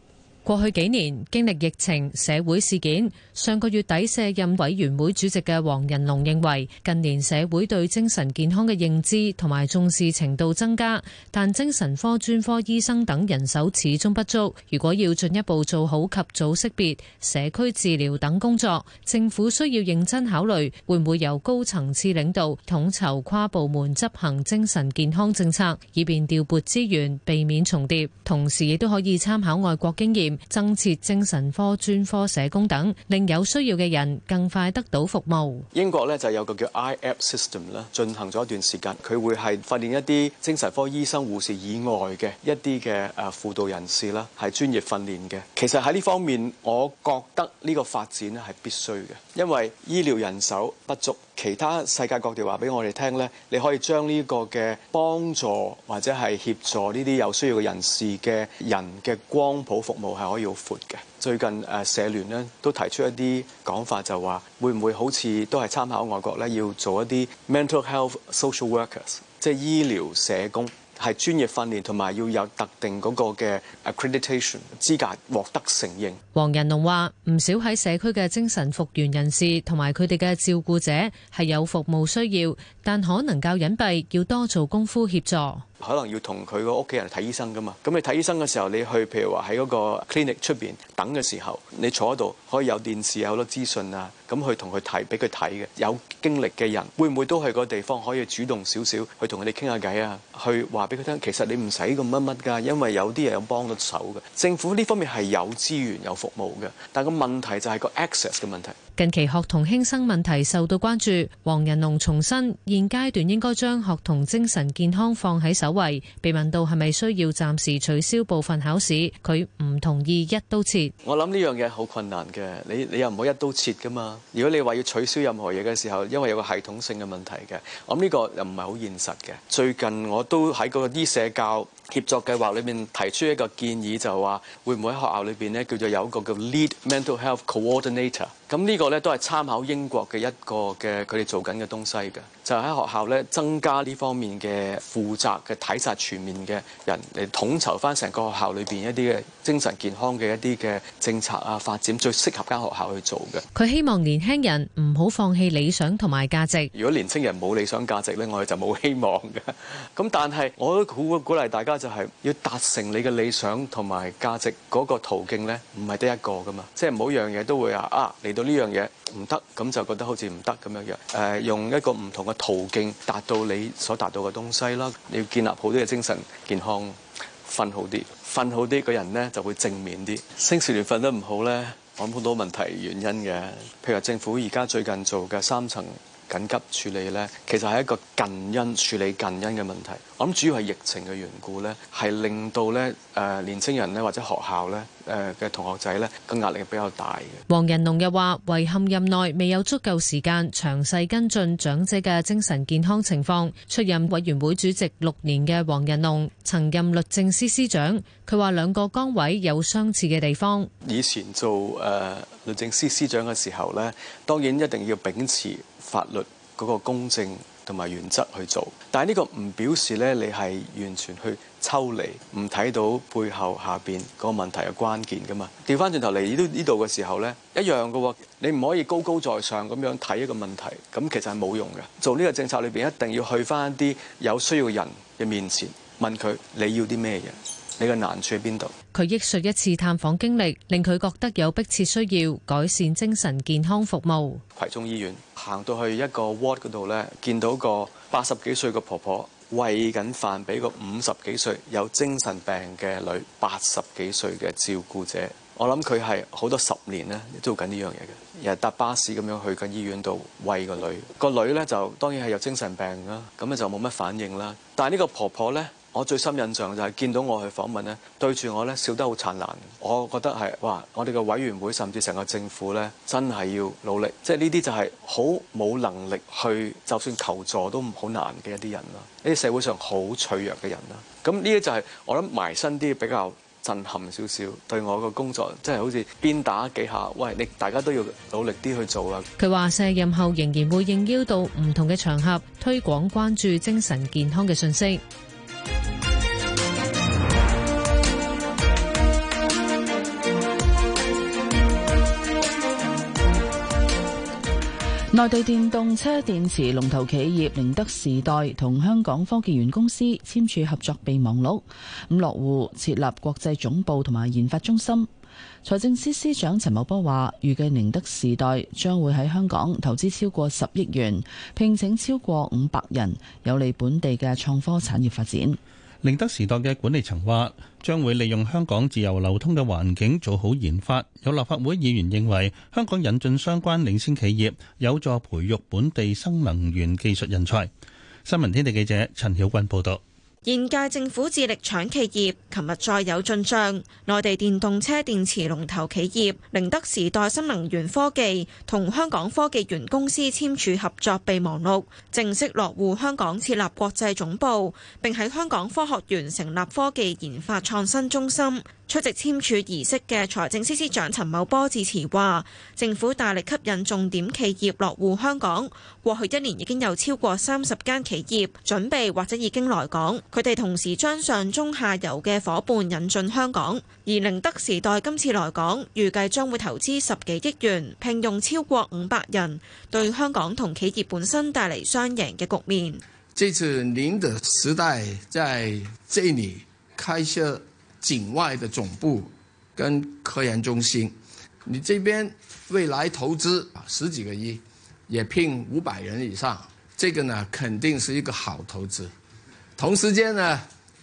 過去幾年經歷疫情、社會事件，上個月底卸任委員會主席嘅黃仁龍認為，近年社會對精神健康嘅認知同埋重視程度增加，但精神科專科醫生等人手始終不足。如果要進一步做好及早識別、社區治療等工作，政府需要認真考慮會唔會由高層次領導統籌跨部門執行精神健康政策，以便調撥資源，避免重疊，同時亦都可以參考外國經驗。增設精神科專科社工等，令有需要嘅人更快得到服務。英國咧就有個叫 IAP System 咧，進行咗一段時間，佢會係訓練一啲精神科醫生、護士以外嘅一啲嘅誒輔導人士啦，係專業訓練嘅。其實喺呢方面，我覺得呢個發展咧係必須嘅，因為醫療人手不足。其他世界各地話俾我哋聽咧，你可以將呢個嘅幫助或者係協助呢啲有需要嘅人士嘅人嘅光譜服務係可以好闊嘅。最近誒社聯咧都提出一啲講法就，就話會唔會好似都係參考外國咧，要做一啲 mental health social workers，即係醫療社工。係專業訓練，同埋要有特定嗰個嘅 accreditation 資格獲得承認。黃仁龍話：唔少喺社區嘅精神復原人士同埋佢哋嘅照顧者係有服務需要，但可能較隱蔽，要多做功夫協助。可能要同佢個屋企人睇醫生㗎嘛。咁你睇醫生嘅時候，你去譬如話喺嗰個 clinic 出邊等嘅時候，你坐喺度可以有電視，有好多資訊啊。咁去同佢睇，俾佢睇嘅有經歷嘅人，會唔會都係個地方可以主動少少去同佢哋傾下偈啊？去話俾佢聽，其實你唔使咁乜乜㗎，因為有啲嘢有幫到手嘅。政府呢方面係有資源有服務嘅，但個問題就係個 access 嘅問題。近期學童輕生問題受到關注，黃仁龍重申現階段應該將學童精神健康放喺首位。被問到係咪需要暫時取消部分考試，佢唔同意一刀切。我諗呢樣嘢好困難嘅，你你又唔好一刀切㗎嘛。如果你話要取消任何嘢嘅時候，因為有個系統性嘅問題嘅，我諗呢個又唔係好現實嘅。最近我都喺個啲醫社教協作計劃裏面提出一個建議就，就話會唔會喺學校裏邊呢叫做有一個叫 Lead Mental Health Coordinator。咁呢個咧都係參考英國嘅一個嘅佢哋做緊嘅東西嘅，就係喺學校咧增加呢方面嘅負責嘅體察全面嘅人嚟統籌翻成個學校裏邊一啲嘅精神健康嘅一啲嘅政策啊，發展最適合間學校去做嘅。佢希望年輕人唔好放棄理想同埋價值。如果年輕人冇理想價值咧，我哋就冇希望嘅。咁 但係我都鼓鼓勵大家就係要達成你嘅理想同埋價值嗰個途徑咧，唔係得一個噶嘛，即係每樣嘢都會話啊啊嚟。你到呢樣嘢唔得，咁就覺得好似唔得咁樣樣。誒、呃，用一個唔同嘅途徑達到你所達到嘅東西啦。你要建立好啲嘅精神健康，瞓好啲，瞓好啲個人呢就會正面啲。青少年瞓得唔好呢，我諗好多問題原因嘅。譬如話政府而家最近做嘅三層緊急處理呢，其實係一個近因處理近因嘅問題。我諗主要係疫情嘅緣故呢，係令到呢誒年青人呢，或者學校呢誒嘅同學仔呢，個壓力比較大嘅。黃仁龍又話：遺憾任內未有足夠時間詳細跟進長者嘅精神健康情況。出任委員會主席六年嘅黃仁龍，曾任律政司司長，佢話兩個崗位有相似嘅地方。以前做誒、呃、律政司司長嘅時候呢，當然一定要秉持。法律嗰個公正同埋原則去做，但係呢個唔表示咧，你係完全去抽離，唔睇到背後下邊個問題嘅關鍵噶嘛？調翻轉頭嚟呢度呢度嘅時候咧，一樣嘅喎，你唔可以高高在上咁樣睇一個問題，咁其實，係冇用嘅。做呢個政策裏邊，一定要去翻一啲有需要嘅人嘅面前問佢，你要啲咩嘢？你個難處喺邊度？佢憶述一次探訪經歷，令佢覺得有迫切需要改善精神健康服務。葵涌醫院行到去一個 ward 嗰度咧，見到個八十幾歲嘅婆婆餵緊飯俾個五十幾歲有精神病嘅女，八十幾歲嘅照顧者。我諗佢係好多十年咧都做緊呢樣嘢嘅，又係搭巴士咁樣去緊醫院度餵個女。個女咧就當然係有精神病啦，咁咧就冇乜反應啦。但係呢個婆婆咧。我最深印象就係見到我去訪問咧，對住我咧笑得好燦爛。我覺得係哇，我哋嘅委員會甚至成個政府咧，真係要努力。即係呢啲就係好冇能力去，就算求助都唔好難嘅一啲人啦。呢啲社會上好脆弱嘅人啦。咁呢啲就係、是、我諗埋身啲比較震撼少少，對我嘅工作即係好似鞭打幾下。喂，你大家都要努力啲去做啊！佢話卸任後仍然會應邀到唔同嘅場合推廣關注精神健康嘅信息。內地電動車電池龍頭企業寧德時代同香港科技園公司簽署合作備忘錄，咁落戶設立國際總部同埋研發中心。財政司司長陳茂波話，預計寧德時代將會喺香港投資超過十億元，聘請超過五百人，有利本地嘅創科產業發展。寧德時代嘅管理層話，將會利用香港自由流通嘅環境做好研發。有立法會議員認為，香港引進相關領先企業，有助培育本地新能源技術人才。新聞天地記者陳曉君報道。現屆政府致力搶企業，琴日再有進帳。內地電動車電池龍頭企業、寧德時代新能源科技同香港科技園公司簽署合作備忘錄，正式落戶香港設立國際總部，並喺香港科學園成立科技研發創新中心。出席簽署儀式嘅財政司司長陳茂波致詞話：政府大力吸引重點企業落戶香港，過去一年已經有超過三十間企業準備或者已經來港。佢哋同時將上中下游嘅伙伴引進香港，而寧德時代今次來港，預計將會投資十幾億元，聘用超過五百人，對香港同企業本身帶嚟雙贏嘅局面。這次寧德時代在這裏開設境外嘅總部跟科研中心，你這邊未來投資啊十幾個億，也聘五百人以上，這個呢肯定是一個好投資。同時間呢，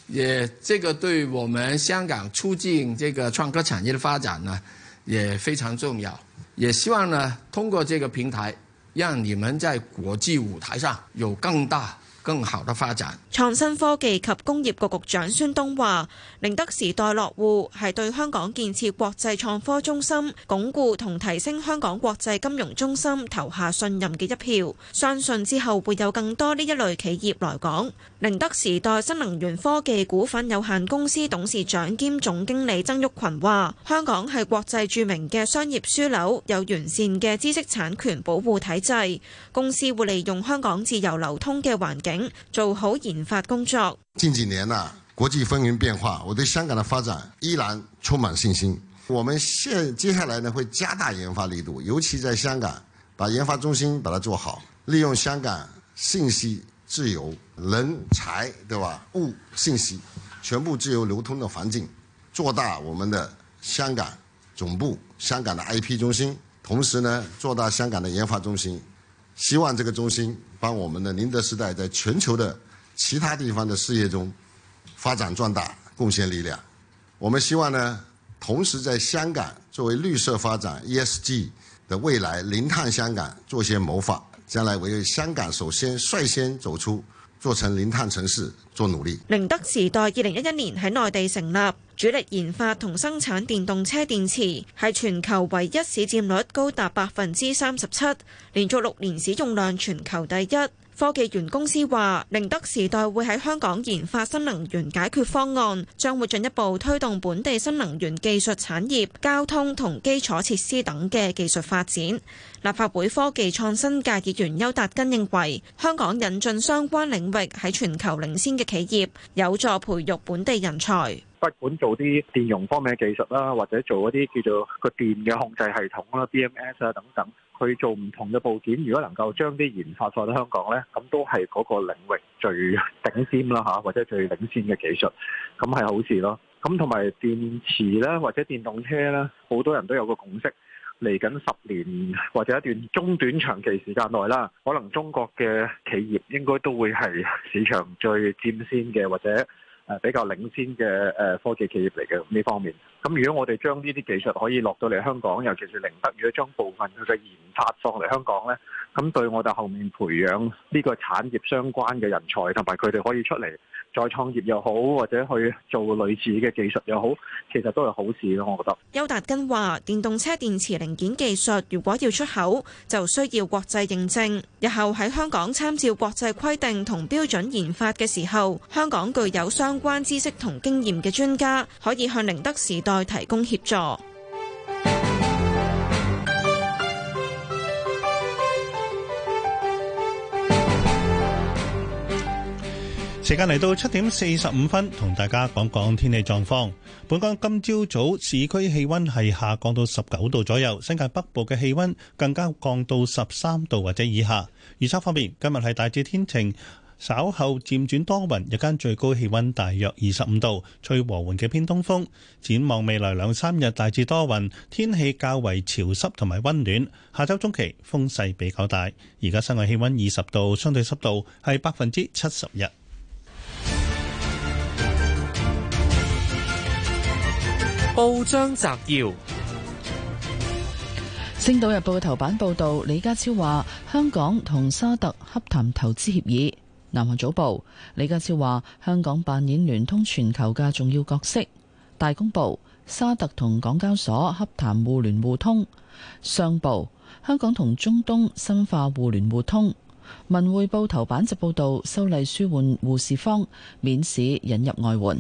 也這個對我們香港促進這個創科產業的發展呢，也非常重要。也希望呢，通過這個平台，讓你們在國際舞台上有更大更好的發展。創新科技及工業局局長孫東話寧德時代落戶係對香港建設國際創科中心、鞏固同提升香港國際金融中心投下信任嘅一票。相信之後會有更多呢一類企業來港。寧德時代新能源科技股份有限公司董事長兼總經理曾毓群話：香港係國際著名嘅商業樞紐，有完善嘅知識產權保護體制，公司會利用香港自由流通嘅環境，做好研發工作。近幾年啦，國際風雲變化，我對香港嘅發展依然充滿信心。我們現接下來呢會加大研發力度，尤其在香港把研發中心把它做好，利用香港信息。自由人才，對吧？物信息，全部自由流通的環境，做大我們的香港總部，香港的 IP 中心，同時呢，做大香港的研發中心，希望這個中心幫我們的寧德時代在全球的其他地方的事業中發展壯大，貢獻力量。我們希望呢，同時在香港作為綠色發展 ESG 的未來零碳香港做些謀劃。將來為香港首先率先走出，做成零碳城市做努力。寧德時代二零一一年喺內地成立，主力研發同生產電動車電池，係全球唯一市佔率，高達百分之三十七，連續六年使用量全球第一。科技園公司話寧德時代會喺香港研發新能源解決方案，將會進一步推動本地新能源技術產業、交通同基礎設施等嘅技術發展。立法會科技創新界議員邱達根認為，香港引進相關領域喺全球領先嘅企業有助培育本地人才。不管做啲電容方面嘅技術啦，或者做嗰啲叫做個電嘅控制系統啦、BMS 啊等等，去做唔同嘅部件。如果能夠將啲研發放到香港呢，咁都係嗰個領域最頂尖啦嚇，或者最領先嘅技術，咁係好事咯。咁同埋電池啦，或者電動車啦，好多人都有個共識，嚟緊十年或者一段中短長期時間內啦，可能中國嘅企業應該都會係市場最佔先嘅，或者。誒比較領先嘅誒科技企業嚟嘅呢方面，咁如果我哋將呢啲技術可以落到嚟香港，尤其是寧德如果將部分佢嘅研發放嚟香港呢，咁對我哋後面培養呢個產業相關嘅人才，同埋佢哋可以出嚟再創業又好，或者去做類似嘅技術又好，其實都係好事咯，我覺得。邱達根話：電動車電池零件技術如果要出口，就需要國際認證。日後喺香港參照國際規定同標準研發嘅時候，香港具有相相關知識同經驗嘅專家可以向寧德時代提供協助。時間嚟到七點四十五分，同大家講講天氣狀況。本港今朝早，早市區氣溫係下降到十九度左右，新界北部嘅氣溫更加降到十三度或者以下。預測方面，今日係大致天晴。稍後漸轉多雲，日間最高氣温大約二十五度，吹和緩嘅偏東風。展望未來兩三日大致多雲，天氣較為潮濕同埋温暖。下周中期風勢比較大。而家室外氣温二十度，相對濕度係百分之七十一。報章摘要，《星島日報》嘅頭版報導，李家超話香港同沙特洽談投資協議。南華早報，李家超話，香港扮演聯通全球嘅重要角色。大公報，沙特同港交所洽談互聯互通。商報，香港同中東深化互聯互通。文匯報頭版就報道修例舒緩護士方，免試引入外援。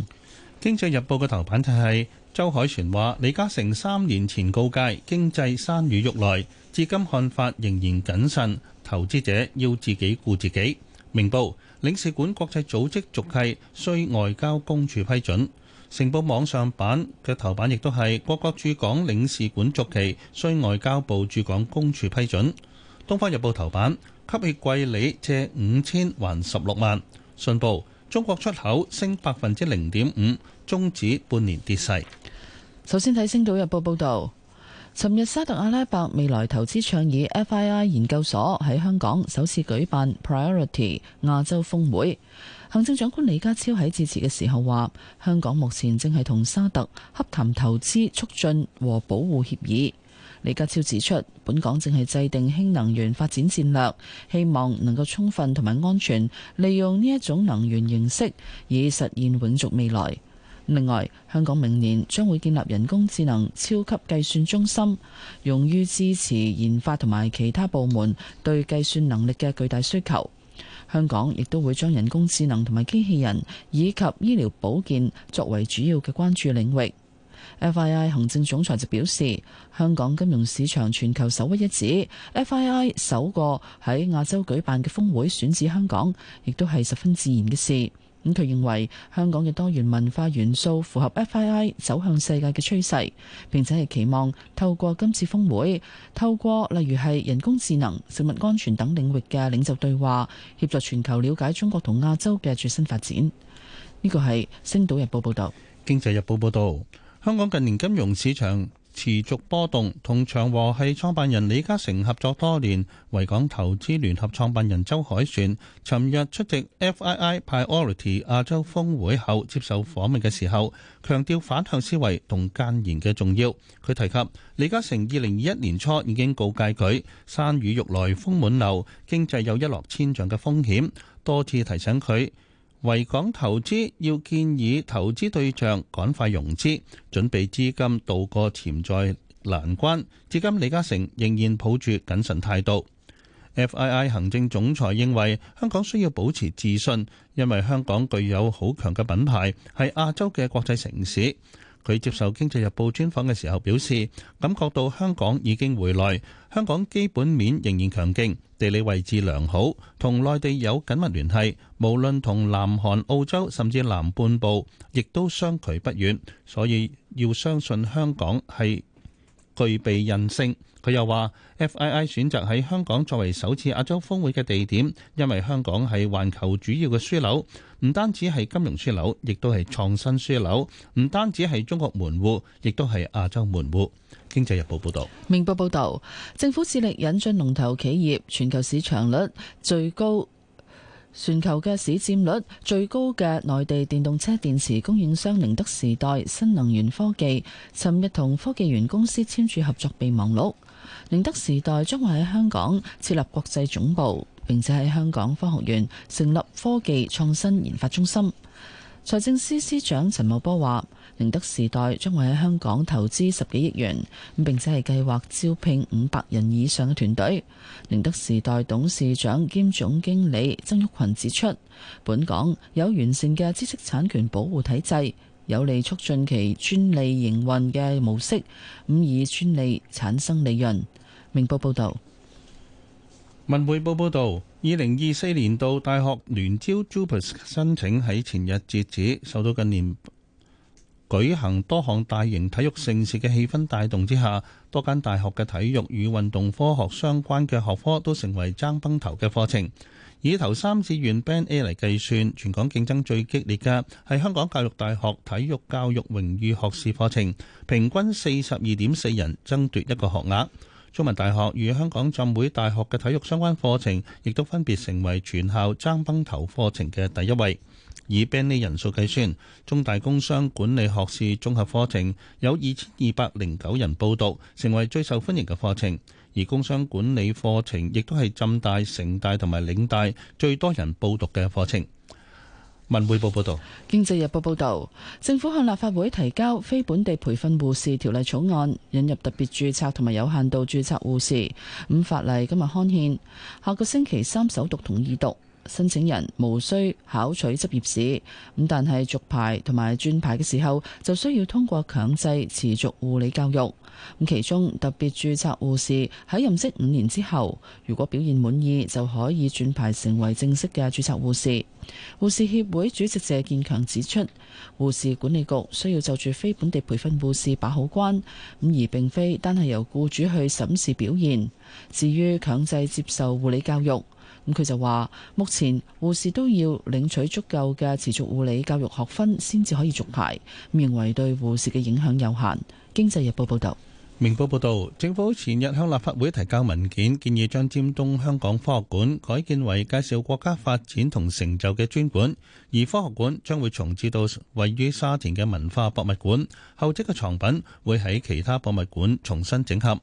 經濟日報嘅頭版就係周海旋話，李嘉誠三年前告誡經濟山雨欲來，至今看法仍然謹慎，投資者要自己顧自己。明報領事館國際組織續契需外交公署批准，成報網上版嘅頭版亦都係各國駐港領事館續期需外交部駐港公署批准。東方日報頭版吸血貴利借五千還十六萬，信報中國出口升百分之零點五，終止半年跌勢。首先睇《星島日報》報導。尋日沙特阿拉伯未來投資倡議 （FII） 研究所喺香港首次舉辦 Priority 亞洲峰會。行政長官李家超喺致辭嘅時候話，香港目前正係同沙特洽談投資促進和保護協議。李家超指出，本港正係制定氫能源發展戰略，希望能夠充分同埋安全利用呢一種能源形式，以實現永續未來。另外，香港明年將會建立人工智能超級計算中心，用於支持研發同埋其他部門對計算能力嘅巨大需求。香港亦都會將人工智能同埋機器人以及醫療保健作為主要嘅關注領域。FII 行政總裁就表示，香港金融市場全球首屈一指，FII 首個喺亞洲舉辦嘅峰會選址香港，亦都係十分自然嘅事。咁佢認為香港嘅多元文化元素符合 FII 走向世界嘅趨勢，並且係期望透過今次峰會，透過例如係人工智能、食物安全等領域嘅領袖對話，協助全球了解中國同亞洲嘅最新發展。呢個係《星島日報》報導，《經濟日報》報導，香港近年金融市場持續波動，同長和系創辦人李嘉誠合作多年。維港投資聯合創辦人周凱旋尋日出席 FII Priority 亞洲峰會後接受訪問嘅時候，強調反向思維同間言嘅重要。佢提及李嘉誠二零二一年初已經告誡佢山雨欲來風滿樓，經濟有一落千丈嘅風險，多次提醒佢。維港投資要建議投資對象趕快融資，準備資金渡過潛在難關。至今李嘉誠仍然抱住謹慎態度。FII 行政總裁認為香港需要保持自信，因為香港具有好強嘅品牌，係亞洲嘅國際城市。佢接受《經濟日報》專訪嘅時候表示，感覺到香港已經回來，香港基本面仍然強勁，地理位置良好，同內地有緊密聯繫，無論同南韓、澳洲甚至南半部，亦都相距不遠，所以要相信香港係具備韌性。佢又話：FII 選擇喺香港作為首次亞洲峰會嘅地點，因為香港係環球主要嘅樞紐，唔單止係金融樞紐，亦都係創新樞紐；唔單止係中國門戶，亦都係亞洲門戶。經濟日報報導，明報報導，政府致力引進龍頭企業，全球市場率最高、全球嘅市佔率最高嘅內地電動車電池供應商寧德時代新能源科技，尋日同科技園公司簽署合作備忘錄。寧德時代將會喺香港設立國際總部，並且喺香港科學園成立科技創新研發中心。財政司司長陳茂波話：，寧德時代將會喺香港投資十幾億元，並且係計劃招聘五百人以上嘅團隊。寧德時代董事長兼總經理曾毓群指出，本港有完善嘅知識產權保護體制。有利促進其專利營運嘅模式，咁以專利產生利潤。明報報導，文匯報報導，二零二四年度大學聯招 JUPAS 申請喺前日截止。受到近年舉行多項大型體育盛事嘅氣氛帶動之下，多間大學嘅體育與運動科學相關嘅學科都成為爭崩頭嘅課程。以頭三志願 band A 嚟計算，全港競爭最激烈嘅係香港教育大學體育教育榮譽學士課程，平均四十二點四人爭奪一個學額。中文大學與香港浸會大學嘅體育相關課程，亦都分別成為全校爭崩頭課程嘅第一位。以 band A 人數計算，中大工商管理學士綜合課程有二千二百零九人報讀，成為最受歡迎嘅課程。而工商管理課程亦都係浸大、城大同埋嶺大最多人報讀嘅課程。文匯報報道，經濟日報報道，政府向立法會提交非本地培訓護士條例草案，引入特別註冊同埋有限度註冊護士。咁法例今日刊憲，下個星期三首讀同二讀，申請人無需考取執業試，咁但係續牌同埋轉牌嘅時候就需要通過強制持續護理教育。咁其中特別註冊護士喺任職五年之後，如果表現滿意，就可以轉牌成為正式嘅註冊護士。護士協會主席謝建強指出，護士管理局需要就住非本地培訓護士把好關，咁而並非單係由僱主去審視表現。至於強制接受護理教育，咁佢就話，目前護士都要領取足夠嘅持續護理教育學分先至可以續牌，認為對護士嘅影響有限。經濟日報報導。明報報導，政府前日向立法會提交文件，建議將尖東香港科學館改建為介紹國家發展同成就嘅專館，而科學館將會重置到位於沙田嘅文化博物館，後者嘅藏品會喺其他博物館重新整合。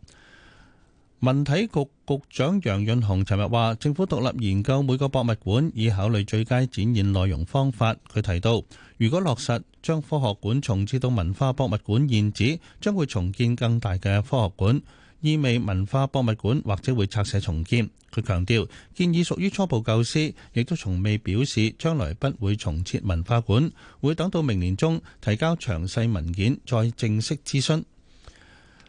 文體局局長楊潤雄尋日話，政府獨立研究每個博物館，以考慮最佳展現內容方法。佢提到，如果落實將科學館重設到文化博物館現址，將會重建更大嘅科學館，意味文化博物館或者會拆卸重建。佢強調，建議屬於初步構思，亦都從未表示將來不會重設文化館，會等到明年中提交詳細文件再正式諮詢。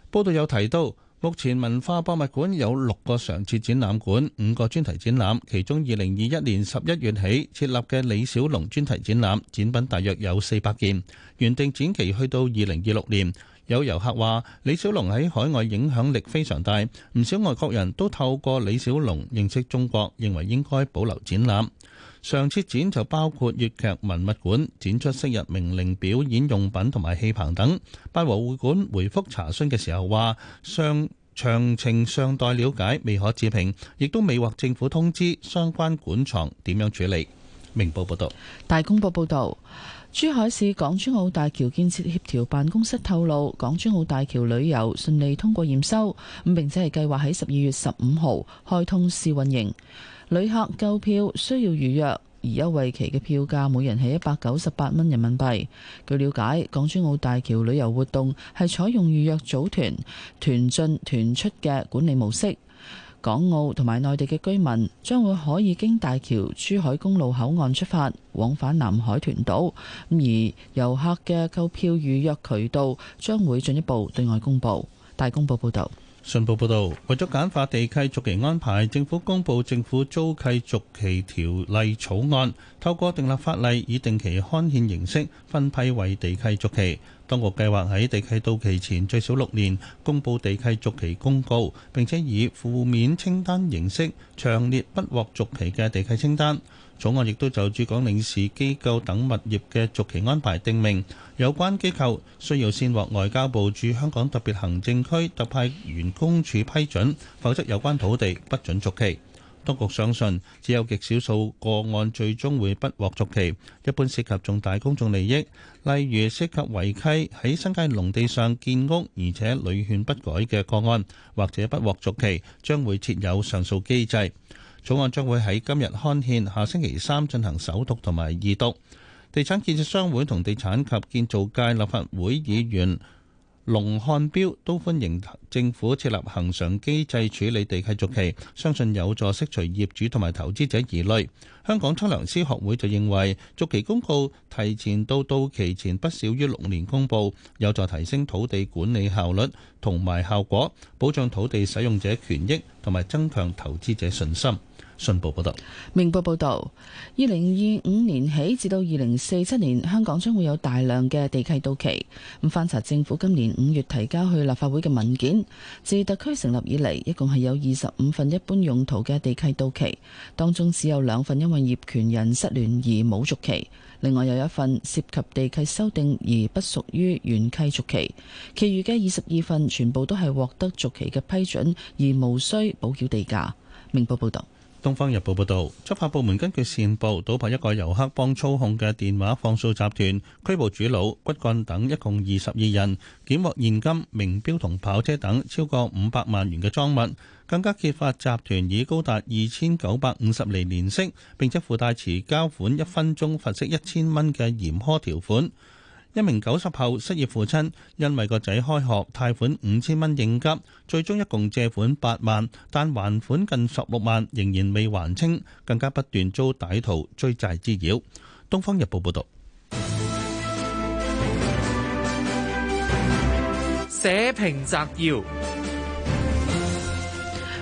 報道有提到。目前文化博物館有六個常設展覽館，五個專題展覽，其中二零二一年十一月起設立嘅李小龍專題展覽，展品大約有四百件，原定展期去到二零二六年。有遊客話李小龍喺海外影響力非常大，唔少外國人都透過李小龍認識中國，認為應該保留展覽。上次展就包括粵劇文物館展出昔日名伶表演用品同埋戲棚等。八和會館回覆查詢嘅時候話，上詳情尚待了解，未可置評，亦都未獲政府通知相關館藏點樣處理。明報報道，大公報報道，珠海市港珠澳大橋建設協調辦公室透露，港珠澳大橋旅遊順利通過驗收，咁並且係計劃喺十二月十五號開通試運營。旅客購票需要預約，而優惠期嘅票價每人係一百九十八蚊人民幣。據了解，港珠澳大橋旅遊活動係採用預約組團團進團出嘅管理模式。港澳同埋內地嘅居民將會可以經大橋珠海公路口岸出發往返南海羣島，咁而遊客嘅購票預約渠道將會進一步對外公佈。大公報報道。信報報導，為咗簡化地契續期安排，政府公布《政府租契續期條例草案》，透過訂立法例，以定期刊憲形式分批為地契續期。當局計劃喺地契到期前最少六年公佈地契續期公告，並且以負面清單形式長列不獲續期嘅地契清單。草案亦都就駐港領事機構等物業嘅續期安排定明，有關機構需要先獲外交部駐香港特別行政區特派員公署批准，否則有關土地不准續期。當局相信，只有極少數個案最終會不獲續期，一般涉及重大公眾利益，例如涉及違規喺新界農地上建屋，而且屢勸不改嘅個案，或者不獲續期，將會設有上訴機制。草案將會喺今日刊憲，下星期三進行首讀同埋二讀。地產建設商會同地產及建造界立法會議員龍漢標都歡迎政府設立恒常機制處理地契續期，相信有助釋除業主同埋投資者疑慮。香港測量師學會就認為，續期公告提前到到期前不少於六年公布，有助提升土地管理效率同埋效果，保障土地使用者權益同埋增強投資者信心。信報報道，明報報道，二零二五年起至到二零四七年，香港將會有大量嘅地契到期。咁翻查政府今年五月提交去立法會嘅文件，自特區成立以嚟，一共係有二十五份一般用途嘅地契到期，當中只有兩份因為業權人失聯而冇續期，另外有一份涉及地契修訂而不屬於原契續期，其餘嘅二十二份全部都係獲得續期嘅批准，而無需補繳地價。明報報道。《東方日報》報道，執法部門根據線報搗破一個遊客幫操控嘅電話放數集團，拘捕主腦骨幹等一共二十二人，檢獲現金、名錶同跑車等超過五百萬元嘅贓物，更加揭發集團以高達二千九百五十厘年息，並且附帶遲交款，一分鐘罰息一千蚊嘅嚴苛條款。一名九十後失業父親，因為個仔開學，貸款五千蚊應急，最終一共借款八萬，但還款近十六萬仍然未還清，更加不斷遭歹徒追債滋擾。東方日報報道。社評摘要。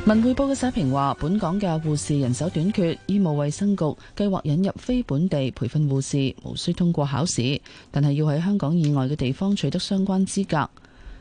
文匯報嘅社評話，本港嘅護士人手短缺，醫務衛生局計劃引入非本地培訓護士，無需通過考試，但係要喺香港以外嘅地方取得相關資格。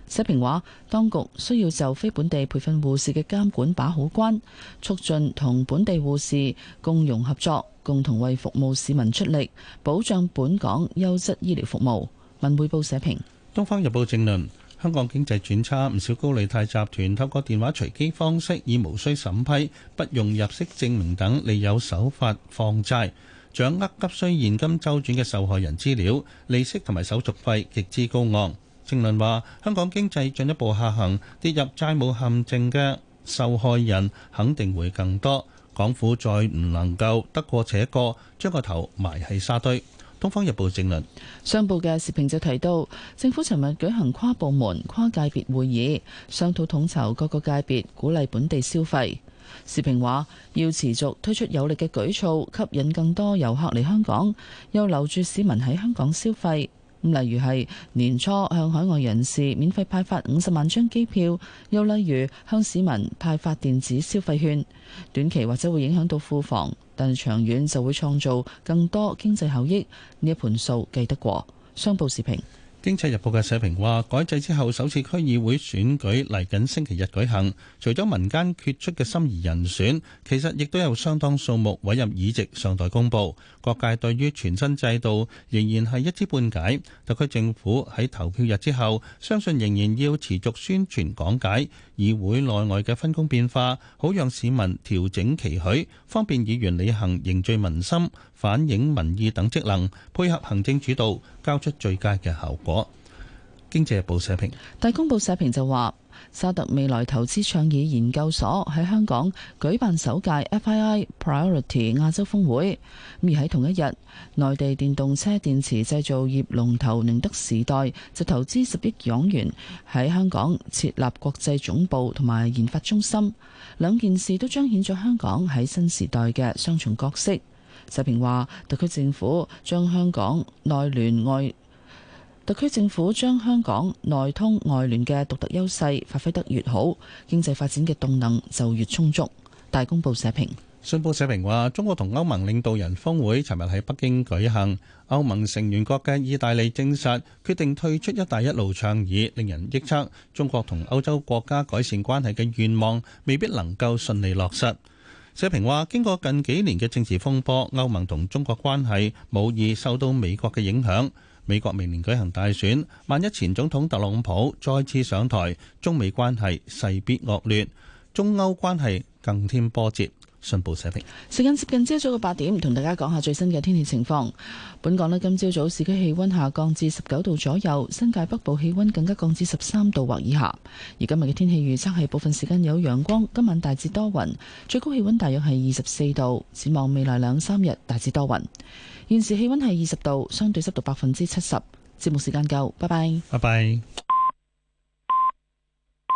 社評話，當局需要就非本地培訓護士嘅監管把好關，促進同本地護士共融合作，共同為服務市民出力，保障本港優質醫療服務。文匯報社評，東方日報正論。香港經濟轉差，唔少高利貸集團透過電話隨機方式，以無需審批、不用入息證明等利誘手法放債，掌握急需現金周轉嘅受害人資料，利息同埋手續費極之高昂。政論話：香港經濟進一步下行，跌入債務陷阱嘅受害人肯定會更多。港府再唔能夠得過且過，將個頭埋喺沙堆。《東方日報》政論上報嘅視頻就提到，政府尋日舉行跨部門、跨界別會議，商討統籌各個界別，鼓勵本地消費。視頻話，要持續推出有力嘅舉措，吸引更多遊客嚟香港，又留住市民喺香港消費。咁例如係年初向海外人士免費派發五十萬張機票，又例如向市民派發電子消費券，短期或者會影響到庫房，但係長遠就會創造更多經濟效益。呢一盤數計得過。商報時評，《經濟日報》嘅社評話：改制之後首次區議會選舉嚟緊星期日舉行，除咗民間決出嘅心儀人選，其實亦都有相當數目委任議席尚待公佈。各界對於全新制度仍然係一知半解，特區政府喺投票日之後，相信仍然要持續宣傳講解。議會內外嘅分工變化，好讓市民調整期許，方便議員履行凝聚民心、反映民意等職能，配合行政主導，交出最佳嘅效果。經濟日報社評，大公報社評就話。沙特未來投資倡議研究所喺香港舉辦首屆 FII Priority 亞洲峰會，而喺同一日，內地電動車電池製造業龍頭寧德時代就投資十億港元喺香港設立國際總部同埋研發中心，兩件事都彰顯咗香港喺新時代嘅雙重角色。石平話，特區政府將香港內聯外。特區政府將香港內通外聯嘅獨特優勢發揮得越好，經濟發展嘅動能就越充足。大公報社評，信報社評話：中國同歐盟領導人峯會尋日喺北京舉行，歐盟成員國嘅意大利證實決定退出一帶一路倡議，令人臆測中國同歐洲國家改善關係嘅願望未必能夠順利落實。社評話：經過近幾年嘅政治風波，歐盟同中國關係無疑受到美國嘅影響。美國明年舉行大選，萬一前總統特朗普再次上台，中美關係勢必惡劣，中歐關係更添波折。信報社評。時間接近朝早嘅八點，同大家講下最新嘅天氣情況。本港呢，今朝早市區氣溫下降至十九度左右，新界北部氣溫更加降至十三度或以下。而今日嘅天氣預測係部分時間有陽光，今晚大致多雲，最高氣溫大約係二十四度。展望未來兩三日大致多雲。現時氣溫係二十度，相對濕度百分之七十。節目時間夠，拜拜。拜拜。